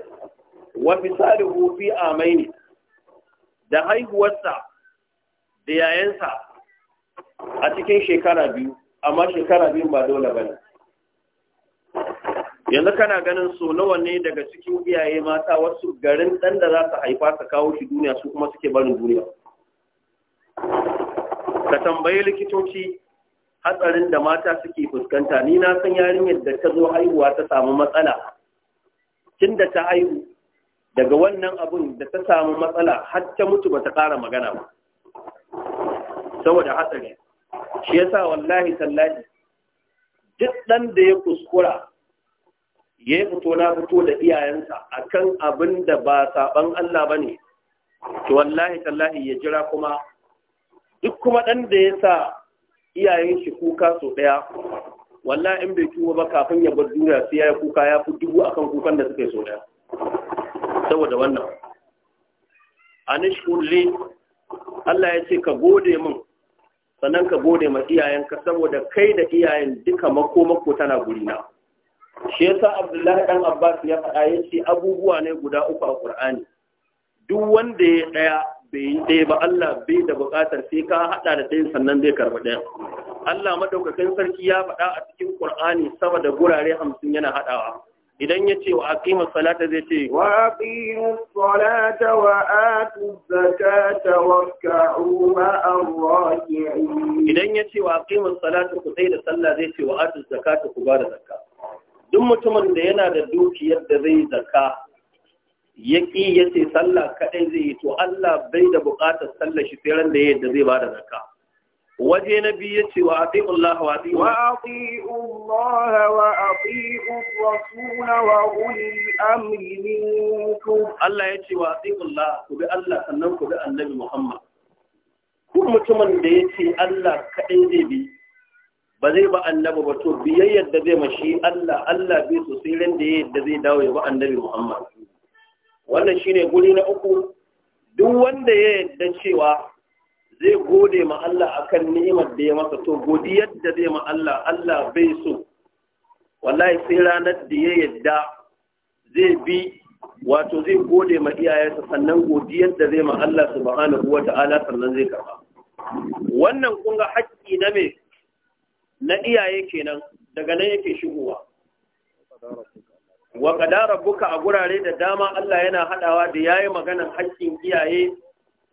wa fisalihu fi amaini da haihuwarsa da yayansa a cikin shekara biyu amma shekara biyu ba dole ba ne yanzu kana ganin so nawa ne daga cikin iyaye mata wasu garin ɗan da za su haifa su kawo shi duniya su kuma suke barin duniya ka tambayi likitoci hatsarin da mata suke fuskanta ni na san yarinyar da ta zo haihuwa ta samu matsala tun da ta haihu daga wannan abun da ta samu matsala har ta mutu ba ta ƙara magana ba saboda hatsari shi yasa wallahi tallahi duk ɗan da ya kuskura ya yi fito na fito da iyayensa a kan abin da ba saɓan Allah ba ne to wallahi tallahi ya jira kuma duk kuma ɗan da ya sa iyayen shi kuka so ɗaya wallahi in bai tuwo ba kafin ya bar duniya sai ya kuka ya fi dubu akan kukan da suke yi saboda wannan anishkur li Allah ya ce ka gode min sanan ka gode ma iyayenka saboda kai da iyayen duka mako tana gurina shi yasa Abdullahi dan Abbas ya faɗa ya ce abubuwa ne guda uku a Qur'ani duk wanda ya ɗaya bai ɗaya ba Allah bai da buƙatar sai ka haɗa da ɗayan sannan zai karɓi ɗaya Allah madaukakin sarki ya faɗa a cikin Qur'ani sama da gurare hamsin yana haɗawa idan ya ce wa aqimus salata zai ce wa aqimus salata wa atuz zakata warka'u ma'ar raki'in idan ya ce wa aqimus salata ku tsaya da sallah zai ce wa atuz zakata ku ba da zakka duk mutumin da yana da dukiyar da zai zakka ya ƙi ya ce sallah kaɗai zai yi to Allah bai da buƙatar sallah shi sai da ya yadda zai ba da zakka waje na biyu ya ce wa ati'u Allah wa ati'u wa ati'u Allah wa ati'u Rasul wa ulil Allah ya ce wa ati'u Allah ku bi Allah sannan ku bi Annabi Muhammad kun mutumin da ya ce Allah kaɗai zai bi ba zai ba annabi ba to biyayyar da zai mashi Allah Allah bai so sai ran da ya yadda zai dawo ya ba annabi Muhammad wannan shine guri na uku duk wanda ya yadda cewa zai gode ma Allah akan ni'imar da ya masa to godiyar da zai ma Allah Allah bai so wallahi sai ranar da ya yadda zai bi wato zai gode ma iyayensa sannan godiyar da zai ma Allah subhanahu wata'ala sannan zai karba wannan kun ga haƙƙi na me na iyaye kenan daga nan yake shigowa wa qadara rabbuka a gurare da dama Allah yana hadawa da yayi maganan haƙƙin iyaye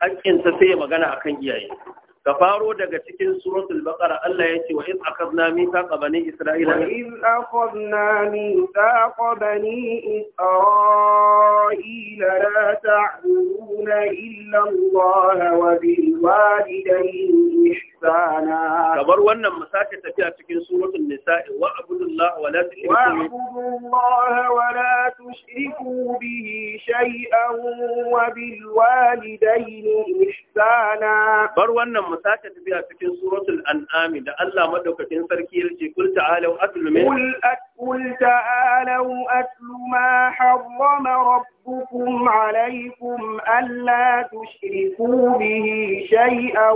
hakkin sa sai magana akan iyaye ka faro daga cikin suratul baqara Allah ya ce wa iz akhadna mithaqa bani isra'ila wa iz akhadna mithaqa bani isra'ila la ta'buduna illa Allah wa bil walidayni kamar wannan masake tafiya cikin suratul nisa wa abudullah wa la tushriku bihi wa abudullah wa la tushriku bihi shay'an wa bil walidayni ihsana bar wannan masake tafiya cikin suratul an'am da Allah madaukakin sarki yake kul ta'ala wa atlu min قل تعالوا أتل ما حرم ربكم عليكم ألا تشركوا به شيئا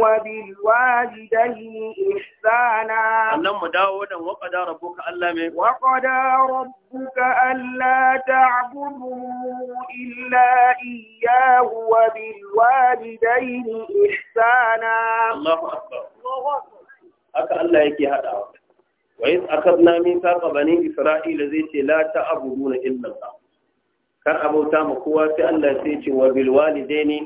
وبالوالدين إحسانا اللهم داود وقد ربك ألا وقد ربك ألا تعبدوا إلا إياه وبالوالدين إحسانا الله أكبر الله أكبر أكا الله يكي هذا wa iz akadna min saqa bani isra'ila zai ce la ta'buduna illa Allah kar abauta ma kowa sai Allah sai ce wa bil walidaini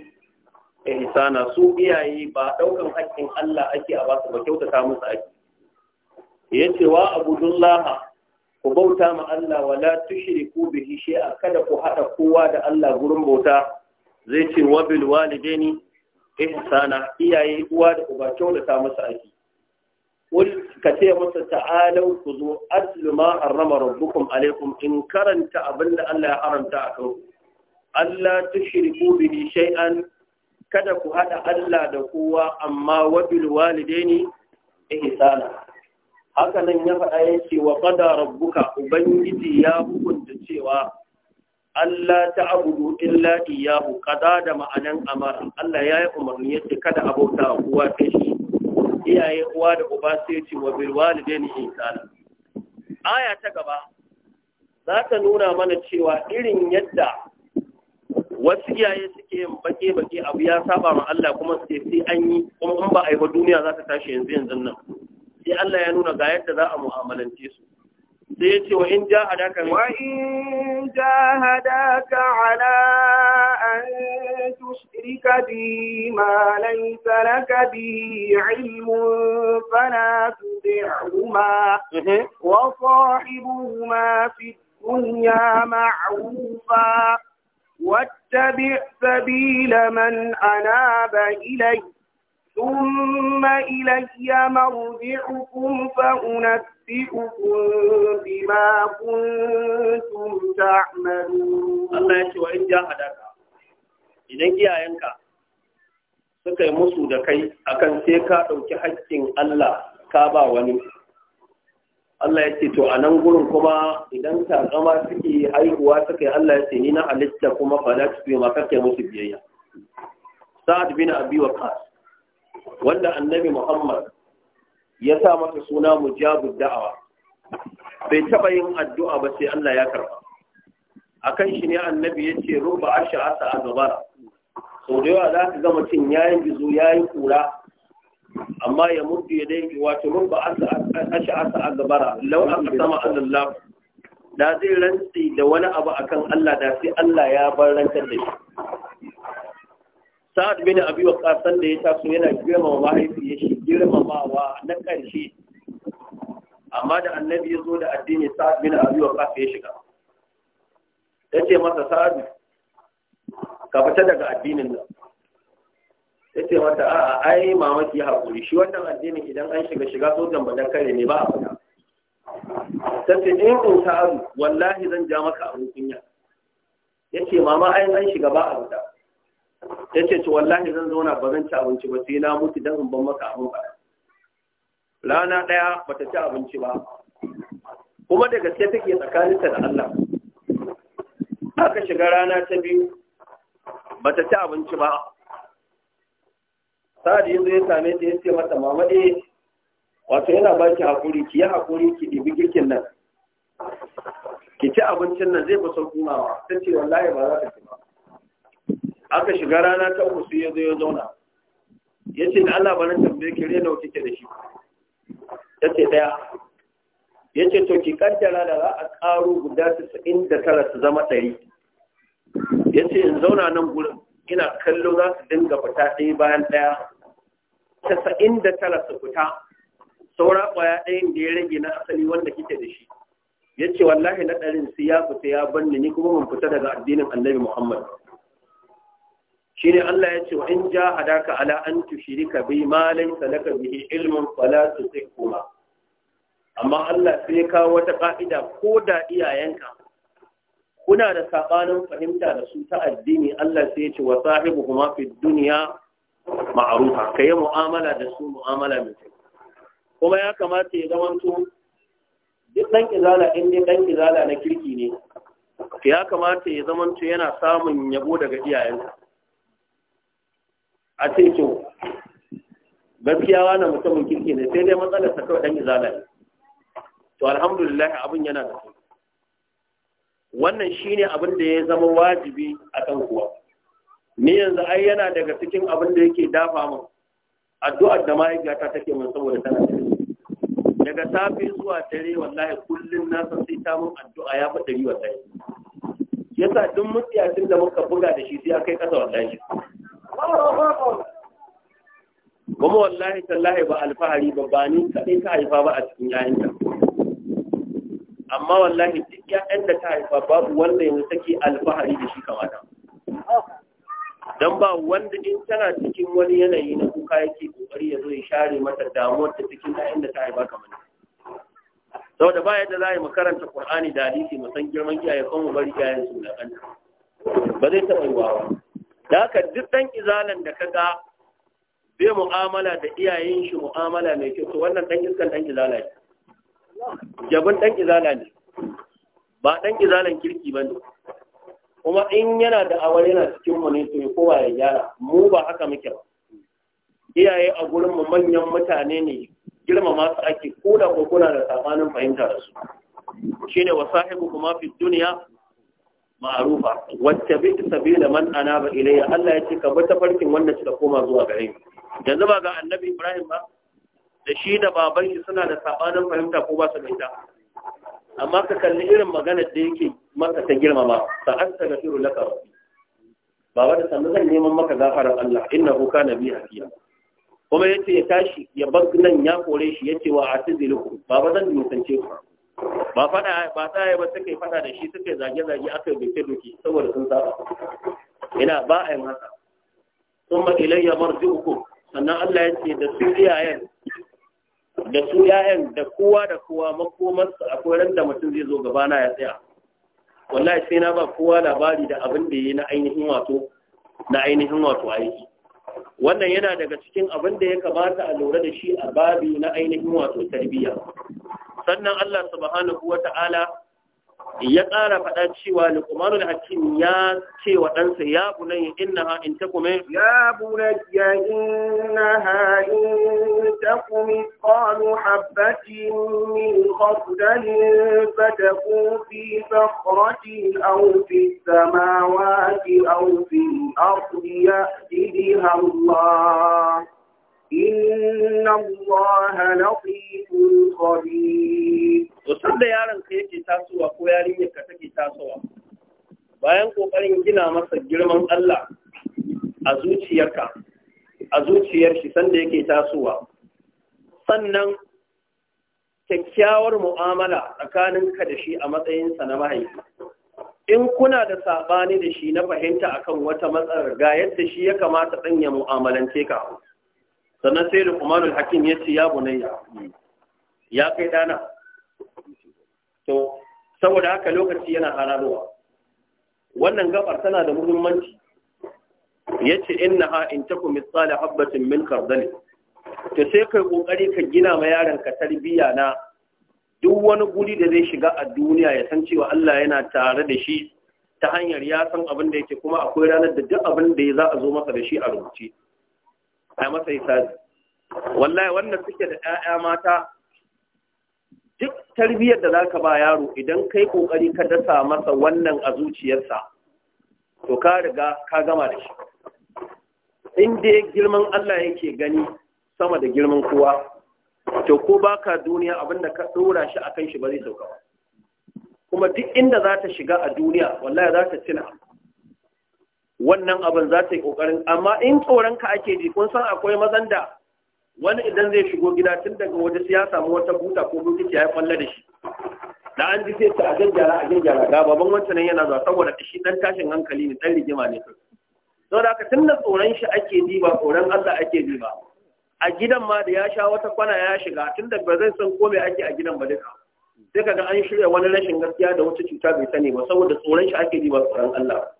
ihsana su iyaye ba daukan haƙƙin Allah ake a ba su ba kyautata musu ake yace wa abudullaha ku bauta ma Allah wala tushriku bihi shay'a kada ku hada kowa da Allah gurin bauta zai ce wa bil walidaini ihsana iyaye uwa da uba kyautata musu aiki ka ce masa ta'alau ku zo atlu ma harrama rabbukum alaikum in karanta abinda Allah ya haramta a kanku Allah tushriku bihi shay'an kada ku haɗa Allah da kowa amma wajil walidaini ihsana haka nan ya faɗa yake wa qada rabbuka ubangiji ya hukunta cewa Allah ta'budu illa iyyahu qada da ma'anar amara Allah ya yi umarni yadda kada abota kowa sai iyaye uwa da uba sai ce wa bil walidaini ihsana aya ta gaba za ta nuna mana cewa irin yadda wasu iyaye suke yin bake bake abu ya saba ma Allah kuma suke sai an yi kuma in ba a yi ba duniya za ta tashi yanzu yanzu nan sai Allah ya nuna ga yadda za a mu'amalance su ديت وإن جاهداك وإن جاهداك على أن تشرك بي ما ليس لك به علم فلا تطعهما وصاحبهما في الدنيا معروفا واتبع سبيل من أناب إلي ثم إلي مرجعكم فأنبئكم ينبئكم بما suka yi musu da kai akan sai ka ɗauki haƙƙin Allah ka ba wani Allah ya ce to a nan gurin kuma idan zama suke haihuwa suka yi Allah ya ce ni na halitta kuma fada su biyu ke musu biyayya sa'ad bin abi waqas wanda annabi Muhammad ya sa mata suna mu jabu da'awa bai taba yin addu'a ba sai Allah ya karba akan shi ne annabi ya ce ruba asha asa a gaba sau da yawa za ka ga cin yayin gizo yayin kura amma ya mutu ya dangi wato ruba asha asa a gaba lau aka sama Allah da zai rantsi da wani abu akan Allah da sai Allah ya bar rantar da shi sa'ad bin abi waqas da ya taso yana girmama mahaifiyar shi girmamawa na ƙarshe amma da annabi ya zo da addini sa'ad bin abi kafa ya shiga Ya ce masa sa'ad ka fita daga addinin nan Ya ce mata a'a ai mamaki haƙuri. shi wannan addinin idan an shiga shiga sojan bada kare ne ba a fita Ta ce in eh, in sa'ad wallahi zan ja maka abun kunya ce, mama ai an shiga ba a fita ya ce ci wallahi zan zauna ba zan ci abinci ba sai na mutu don in ban maka abin ba rana ɗaya ba ta ci abinci ba kuma da gaske take tsakaninta da Allah aka shiga rana ta biyu ba ta ci abinci ba sa'ad yanzu ya same ta ya ce mata mama eh wato yana ba ki haƙuri ki yi haƙuri ki dibi girkin nan ki ci abincin nan zai fi sauƙi mama ta ce wallahi ba za ta ci ba aka shiga rana ta uku sai ya zo ya zauna ya ce da Allah ba na tambaye ki rena wa kike da shi ta ce ɗaya ya ce to ki kaddara da za a ƙaro guda casa'in da tara su zama ɗari ya ce in zauna nan gurin ina kallo za su dinga fita ɗaya bayan ɗaya casa'in da tara su fita saura ƙwaya ɗayan da ya rage na asali wanda kike da shi ya ce wallahi na ɗarin su ya fita ya ban ni kuma mun fita daga addinin annabi muhammad ne Allah ya ce wa in jahadaka ala an tushrika bi malin laysa laka bihi ilmun fala kuma. amma Allah sai ka wata ka'ida ko da iyayenka kuna da sabanin fahimta da su ta addini Allah sai ya ce wa sahibuhuma duniya dunya ma'rufa yi mu'amala da su mu'amala mai kuma ya kamata ya zamanto duk ɗan izala in dai ɗan izala na kirki ne ya kamata ya zamanto yana samun yabo daga iyayenka. a ce ce gaskiya wani mutumin kirki ne sai dai matsalar ta kawai dan izala ne to alhamdulillah abin yana da su wannan shine abin da ya zama wajibi a kan kuwa ni yanzu ai yana daga cikin abin da yake dafa min addu'ar da mahaifiyata take min saboda tana daga tafi zuwa dare wallahi kullum na san sai ta min addu'a ya fi dari wallahi yasa duk mutsiyacin da muka buga da shi sai akai kai ƙasa wallahi kuma wallahi tallahi ba alfahari ba ba ni kaɗai ta haifa ba a cikin yayinta amma wallahi duk ya'yan da ta haifa babu wanda yanzu take alfahari da shi kamata don ba wanda in tana cikin wani yanayi na kuka yake kokari ya zo ya share mata damuwar ta cikin ya'yan da ta haifa kamar ni saboda ba yadda za a yi makaranta Kur'ani da hadisi mu san girman iyayen kuma bari iyayen su da kanta ba zai taɓa yi wawa da haka duk ɗan izalan da kaga bai mu'amala da iyayen shi mu'amala mai kyau to wannan ɗan iskan ɗan izala ne jabin ɗan izala ne ba ɗan izalan kirki ba ne kuma in yana da awar yana cikin mu ne to ya kowa ya gyara mu ba haka muke ba iyaye a gurin mu manyan mutane ne girmama su ake koda ko kuna da tsakanin fahimta da su shine wasahibu kuma fi duniya ma'arufa wacce bi da man anaba ilayya Allah ya ce ka bata farkin wanda suka koma zuwa gari. ni yanzu ba ga annabi Ibrahim ba da shi da baban shi suna da sabanin fahimta ko ba su da ita amma ka kalli irin maganar da yake maka ta girmama sa astaghfiru laka rabbi baba da sanin zan neman maka gafarar Allah innahu kana a hafiya kuma yace ya tashi ya bar nan ya kore shi yace wa atizilukum baba zan nisance ku ba fada ba tsaya ba suka yi fada da shi suka yi zage-zage aka yi bikin doke saboda sun saba ina ba a yin haka sun ba ilayya marji uku sannan Allah ya ce da su iyayen da su yayan da kowa da kowa makomarsa akwai ran da mutum zai zo gabana ya tsaya wallahi sai na ba kowa labari da abin da ya na ainihin wato na ainihin wato aiki wannan yana daga cikin abin da ya kamata a lura da shi a babi na ainihin wato tarbiyya sannan Allah subhanahu wa ta'ala ya ƙara faɗa cewa luqmanul hakim ya ce wa ɗansa ya bunayya innaha in takum ya bunayya innaha in ta takum qalu habatin min khardalin fatakun fi sakhratin aw fi samawati aw fi al-ardi ya ɗiɗi Allah inna allaha latifun khabir to da yaron ka yake tasowa ko yarinyar ka take tasowa bayan kokarin gina masa girman Allah a zuciyarka a zuciyar shi sanda yake tasowa sannan kyakkyawar mu'amala tsakaninka da shi a matsayinsa na mahaifi in kuna da saɓani da shi na fahimta akan wata matsalar ga yadda shi ya kamata ɗan ya mu'amalance ka sannan sai da Luqmanul Hakim ya ce ya bunayya ya kai dana to saboda haka lokaci yana halaluwa wannan gabar tana da muhimmanci yace innaha in takum mithqala habbatin min khardal to sai kai kokari ka gina ma yaron ka tarbiya na duk wani guri da zai shiga a duniya ya san cewa Allah yana tare da shi ta hanyar ya san abin da yake kuma akwai ranar da duk abin da za a zo masa da shi a rubuce a masa hisabi wallahi wannan suke da 'ya'ya mata duk tarbiyyar da za ka ba yaro idan kai kokari ka dasa masa wannan a zuciyarsa to ka riga ka gama da shi in dai girman Allah yake gani sama da girman kowa to ko baka duniya abinda ka dora shi akan shi ba zai sauka ba kuma duk inda za ta shiga a duniya wallahi za ta tuna wannan abin za ta yi ƙoƙarin amma in tsoron ka ake ji kun san akwai mazan da wani idan zai shigo gida tun daga waje sai ya samu wata buta ko bukiti ya falla da shi da an ji sai ta a gyara a gyara ga baban wancan yana zuwa saboda shi dan tashin hankali ne dan rigima ne saboda haka tun da tsoron shi ake ji ba tsoron Allah ake ji ba a gidan ma da ya sha wata kwana ya shiga tun da ba zai san ko me ake a gidan ba duka sai kaga an shirya wani rashin gaskiya da wata cuta bai sani ba saboda tsoron shi ake ji ba tsoron Allah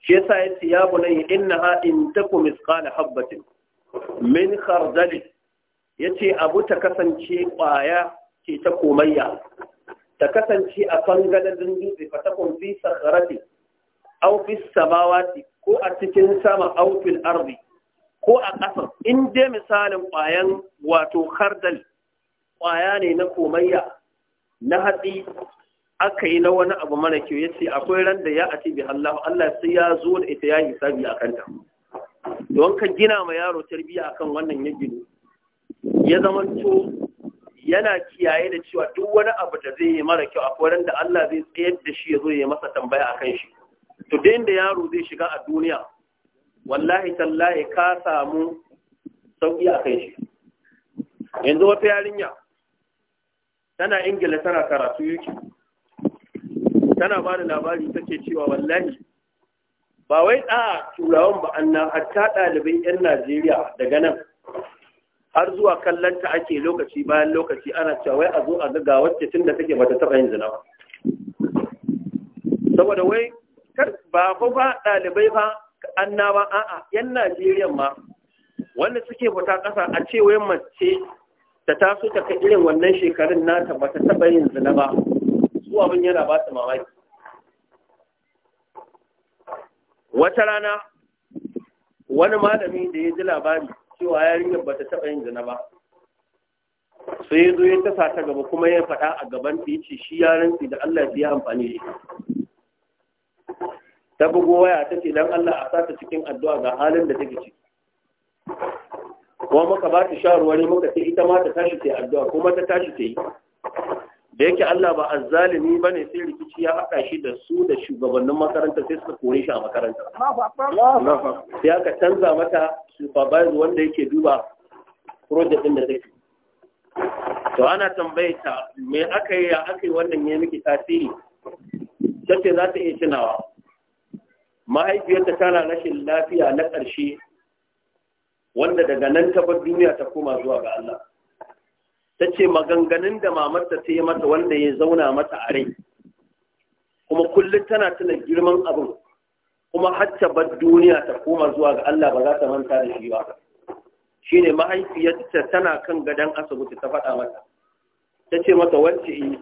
shi yasa yace ya inna ha in taku misqala habatin min ya yace abu ta kasance kwaya ce ta komayya ta kasance a fangalalin dutse fa ta kun sakharati aw fi samawati ko a cikin sama aw fil ardi ko a ƙasa in dai misalin ƙwayan wato khardal ƙwaya ne na komayya na hatsi aka yi na wani abu mara kyau ya ce akwai ran da ya a bi Allah Allah sai ya zo da ita ya yi hisabi a kanta don ka gina ma yaro tarbiyya kan wannan ya gino ya zama to yana kiyaye da cewa duk wani abu da zai yi mara kyau akwai ran da Allah zai tsayar da shi ya zo ya masa tambaya kan shi to da inda yaro zai shiga a duniya wallahi tallahi ka samu sauki kan shi yanzu wata yarinya tana ingila tana karatu yuki. tana ba da labari take cewa wallahi ba wai a turawan ba anna hatta ɗaliban 'yan najeriya daga nan har zuwa kallonta ake lokaci bayan lokaci ana cewa wai a zo a ga wacce tun da take bata taɓa yin zina ba saboda wai ba ko ba ɗalibai ba anna ba a'a 'yan najeriya ma wanda suke fita kasa a ce wai mace ta taso ta kai irin wannan shekarun nata bata taɓa yin zina ba su abin yana ba su mamaki wata rana wani malami da ya ji labari cewa yarinyar ba ta taɓa yin zina ba sai ya zo ya tasa ta gaba kuma ya faɗa a gaban ta ya ce shi da Allah ya amfani shi ta bugo waya ta ce don Allah a sa cikin addu'a ga halin da take ciki kuma muka ba ta shawarwari muka ce ita ma ta tashi ta yi addu'a kuma ta tashi ta yi da yake Allah ba azzalimi ba ne sai rikici ya haɗa shi da su da shugabannin makarantar sai suka kore shi a makaranta sai aka canza mata supervisor wanda yake duba project din da take to ana tambaye ta me aka yi ya aka yi wannan ya miki tasiri tace za ta iya tunawa mahaifiyarta tana rashin lafiya na ƙarshe wanda daga nan ta bar duniya ta koma zuwa ga Allah ta ce maganganun da mamarta ta yi mata wanda ya zauna mata a rai kuma kullum tana tuna girman abin kuma hatta bar duniya ta koma zuwa ga Allah ba za ta manta da shi ba Shi ne mahaifiyarta tana kan gadon asibiti ta faɗa mata ta ce mata wacce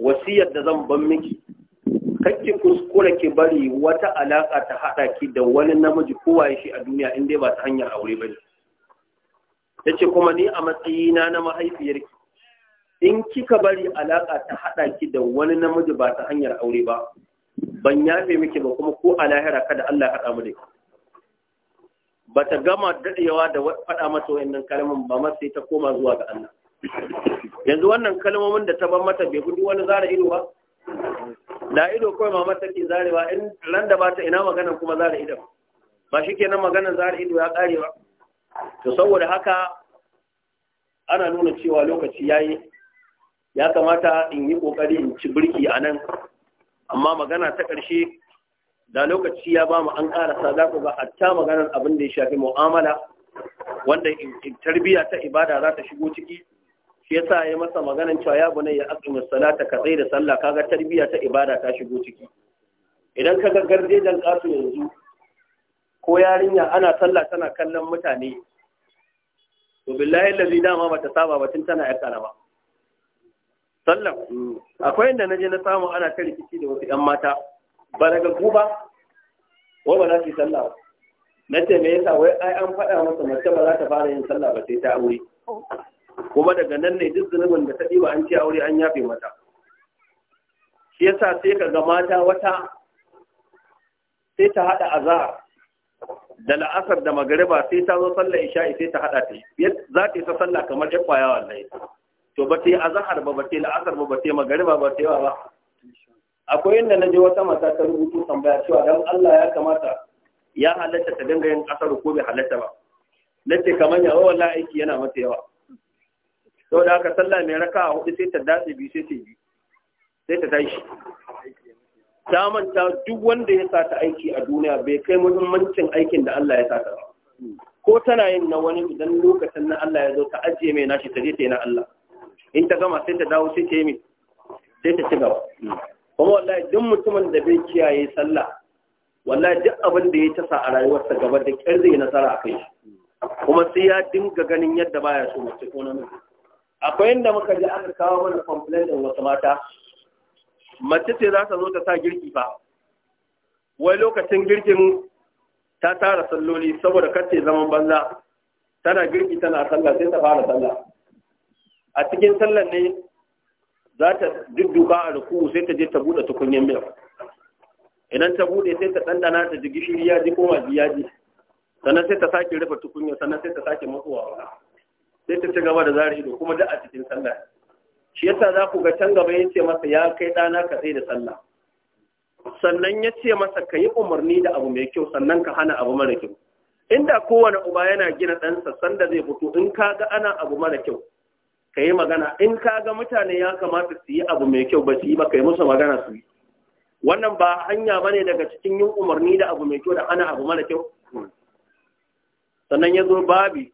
wasiyar da zan ban miki kakki kuskura ki bari wata alaƙa ta haɗa ki da wani namiji ya shi a duniya in dai ba ta hanyar aure ba ne ya ce kuma ni a matsayina na mahaifiyarki in kika bari alaƙa ta haɗa ki da wani namiji ba ta hanyar aure ba ban yafe miki ba kuma ko a lahira kada Allah ya haɗa mu da ba ta gama daɗewa da faɗa mata wayannan kalmomin ba ma sai ta koma zuwa ga Allah yanzu wannan kalmomin da ta ban mata bai gudu wani zara ido ba da ido kawai mamar take zarewa in ran da ba ta ina maganan kuma zara ido ba shi kenan maganan zara ido ya ba. to saboda haka ana nuna cewa lokaci ya yi, ya kamata in yi kokari in ci birki a nan amma magana ta ƙarshe da lokaci ya ba mu an ƙarasa za ku ga hatta maganar abin da ya shafi mu'amala wanda tarbiyya ta ibada za ta shigo ciki shi yasa ya masa maganar cewa ya bunai ya aqimi salata ka da sallah kaga tarbiyya ta ibada ta shigo ciki idan ka ga dan kasu yanzu ko yarinya ana sallah tana kallon mutane to billahi lazi dama bata saba ba tun tana yar karama Sallam! akwai inda naje na samu ana ta rikici da wasu yan mata ba daga guba wa ba za su yi sallah na ce me yasa wai ai an faɗa masa mace ba za ta fara yin sallah ba sai ta aure kuma daga nan ne duk zunubin da ta ɗiba an ci aure an yafe mata shi yasa sai ka ga mata wata sai ta haɗa azar da la'asar da magariba sai ta zo sallar isha'i sai ta hada ta yi, za ta yi ta sallah kamar ya kwaya yi. to ba ta yi azahar ba ba ta yi la'asar ba ba ta yi magariba ba ta yi ba akwai inda na je wata mata ta rubutu tambaya cewa don Allah ya kamata ya halatta ta dinga yin asar ko bai halatta ba Na ce kamar ya wallahi aiki yana mata yawa saboda haka sallah mai raka a hudu sai ta datse biyu sai ta yi sai ta tashi ta manta duk wanda ya sata aiki a duniya bai kai muhimmancin aikin da Allah ya sata ba ko tana yin na wani idan lokacin na Allah ya zo ta ajiye mai nashi ta je ta yi na Allah in ta gama sai ta dawo sai ta yi mai sai ta ci gaba kuma wallahi duk mutumin da bai kiyaye sallah wallahi duk abin da ya tasa a rayuwarsa gaba da kyar zai nasara a kai kuma sai ya dinga ganin yadda baya so mace ko namiji akwai inda muka ji aka kawo mana complaint din wasu mata mace ce za ta zo ta sa girki ba wai lokacin girkin ta tara salloli saboda kace zaman banza tana girki tana sallah sai ta fara sallah a cikin sallar ne za ta dudduka a ruku sai ta je ta bude tukunyen miyar idan ta bude sai ta dandana ta jigi gishiri ya ji koma ji ya ji sannan sai ta sake rufe tukunyar, sannan sai ta sake matsuwa sai ta ci gaba da zari da kuma da a cikin sallah shi yasa za ku ga can gaba ya ce masa ya kai ɗana ka tsaye da sallah sannan ya ce masa ka yi umarni da abu mai kyau sannan ka hana abu mara kyau inda kowane uba yana gina ɗansa sanda zai fito in ka ga ana abu mara kyau ka yi magana in ka ga mutane ya kamata su yi abu mai kyau ba su yi ba ka yi musu magana su yi wannan ba hanya ba ne daga cikin yin umarni da abu mai kyau da hana abu mara kyau sannan ya zo babi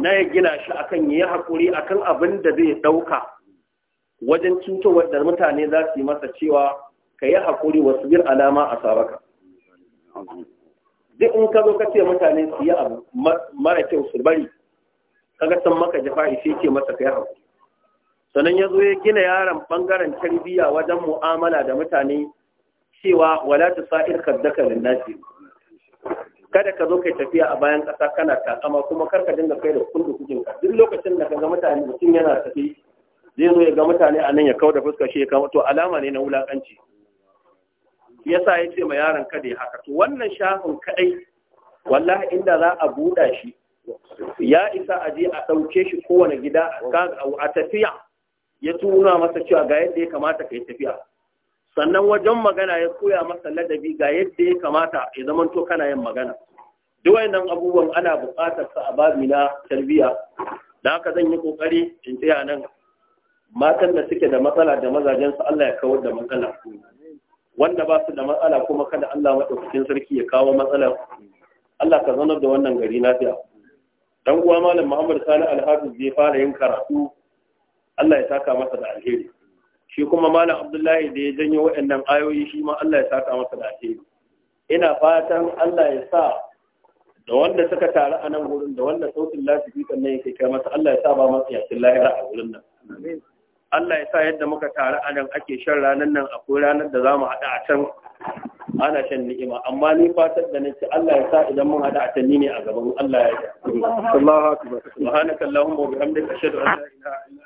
na ya gina shi akan ya haƙuri akan abin da zai ɗauka wajen cuto da mutane za su yi masa cewa ka yi haƙuri wasu bir alama a sabaka duk in ka zo ka ce mutane su yi abu mara kyau su bari kaga san maka jafa ishe ce masa ka yi haƙuri sannan ya zo ya gina yaron ɓangaren tarbiyya wajen mu'amala da mutane cewa wala ta sa'ir kaddaka da nasiru kada ka zo kai tafiya a bayan ƙasa kana takama kuma kar ka dinga kai da kundu cikin duk lokacin da ka ga mutane mutum yana tafi zai zo ya ga mutane a nan ya kauda fuskar shi ya kama to alama ne na wulakanci yasa ya ce ma yaron kada ya haka to wannan shafin kaɗai, wallahi inda za a buɗa shi ya isa a je a ɗauke shi kowane gida a tafiya ya tuna masa cewa ga yadda ya kamata ka yi tafiya sannan wajen magana ya koya masa ladabi ga yadda ya kamata ya zamanto kana yin magana duwai nan abubuwan ana buƙatar sa a babi na tarbiyya da haka zan yi ƙoƙari in tsaya nan matan da suke da matsala da mazajen su Allah ya kawar da matsala wanda ba su da matsala kuma kada Allah madaukakin sarki ya kawo matsala Allah ka zanar da wannan gari lafiya dan uwa malam Muhammad Sani Al-Hafiz zai fara yin karatu Allah ya saka masa da alheri shi kuma malam abdullahi da ya janyo waɗannan ayoyi shi ma Allah ya sa saka masa lafiya ina fatan Allah ya sa da wanda suka taru a nan gurin da wanda sautin lasifikan nan yake kai masa Allah ya sa ba masa yakin lahira a gurin nan Allah ya sa yadda muka taru a nan ake shan ranar nan akwai ranar da za mu haɗa a can ana shan ni'ima amma ni fatar da nake Allah ya sa idan mun haɗa a can ni ne a gaban Allah ya yi subhanaka allahumma wa bihamdika ashhadu an la ilaha illa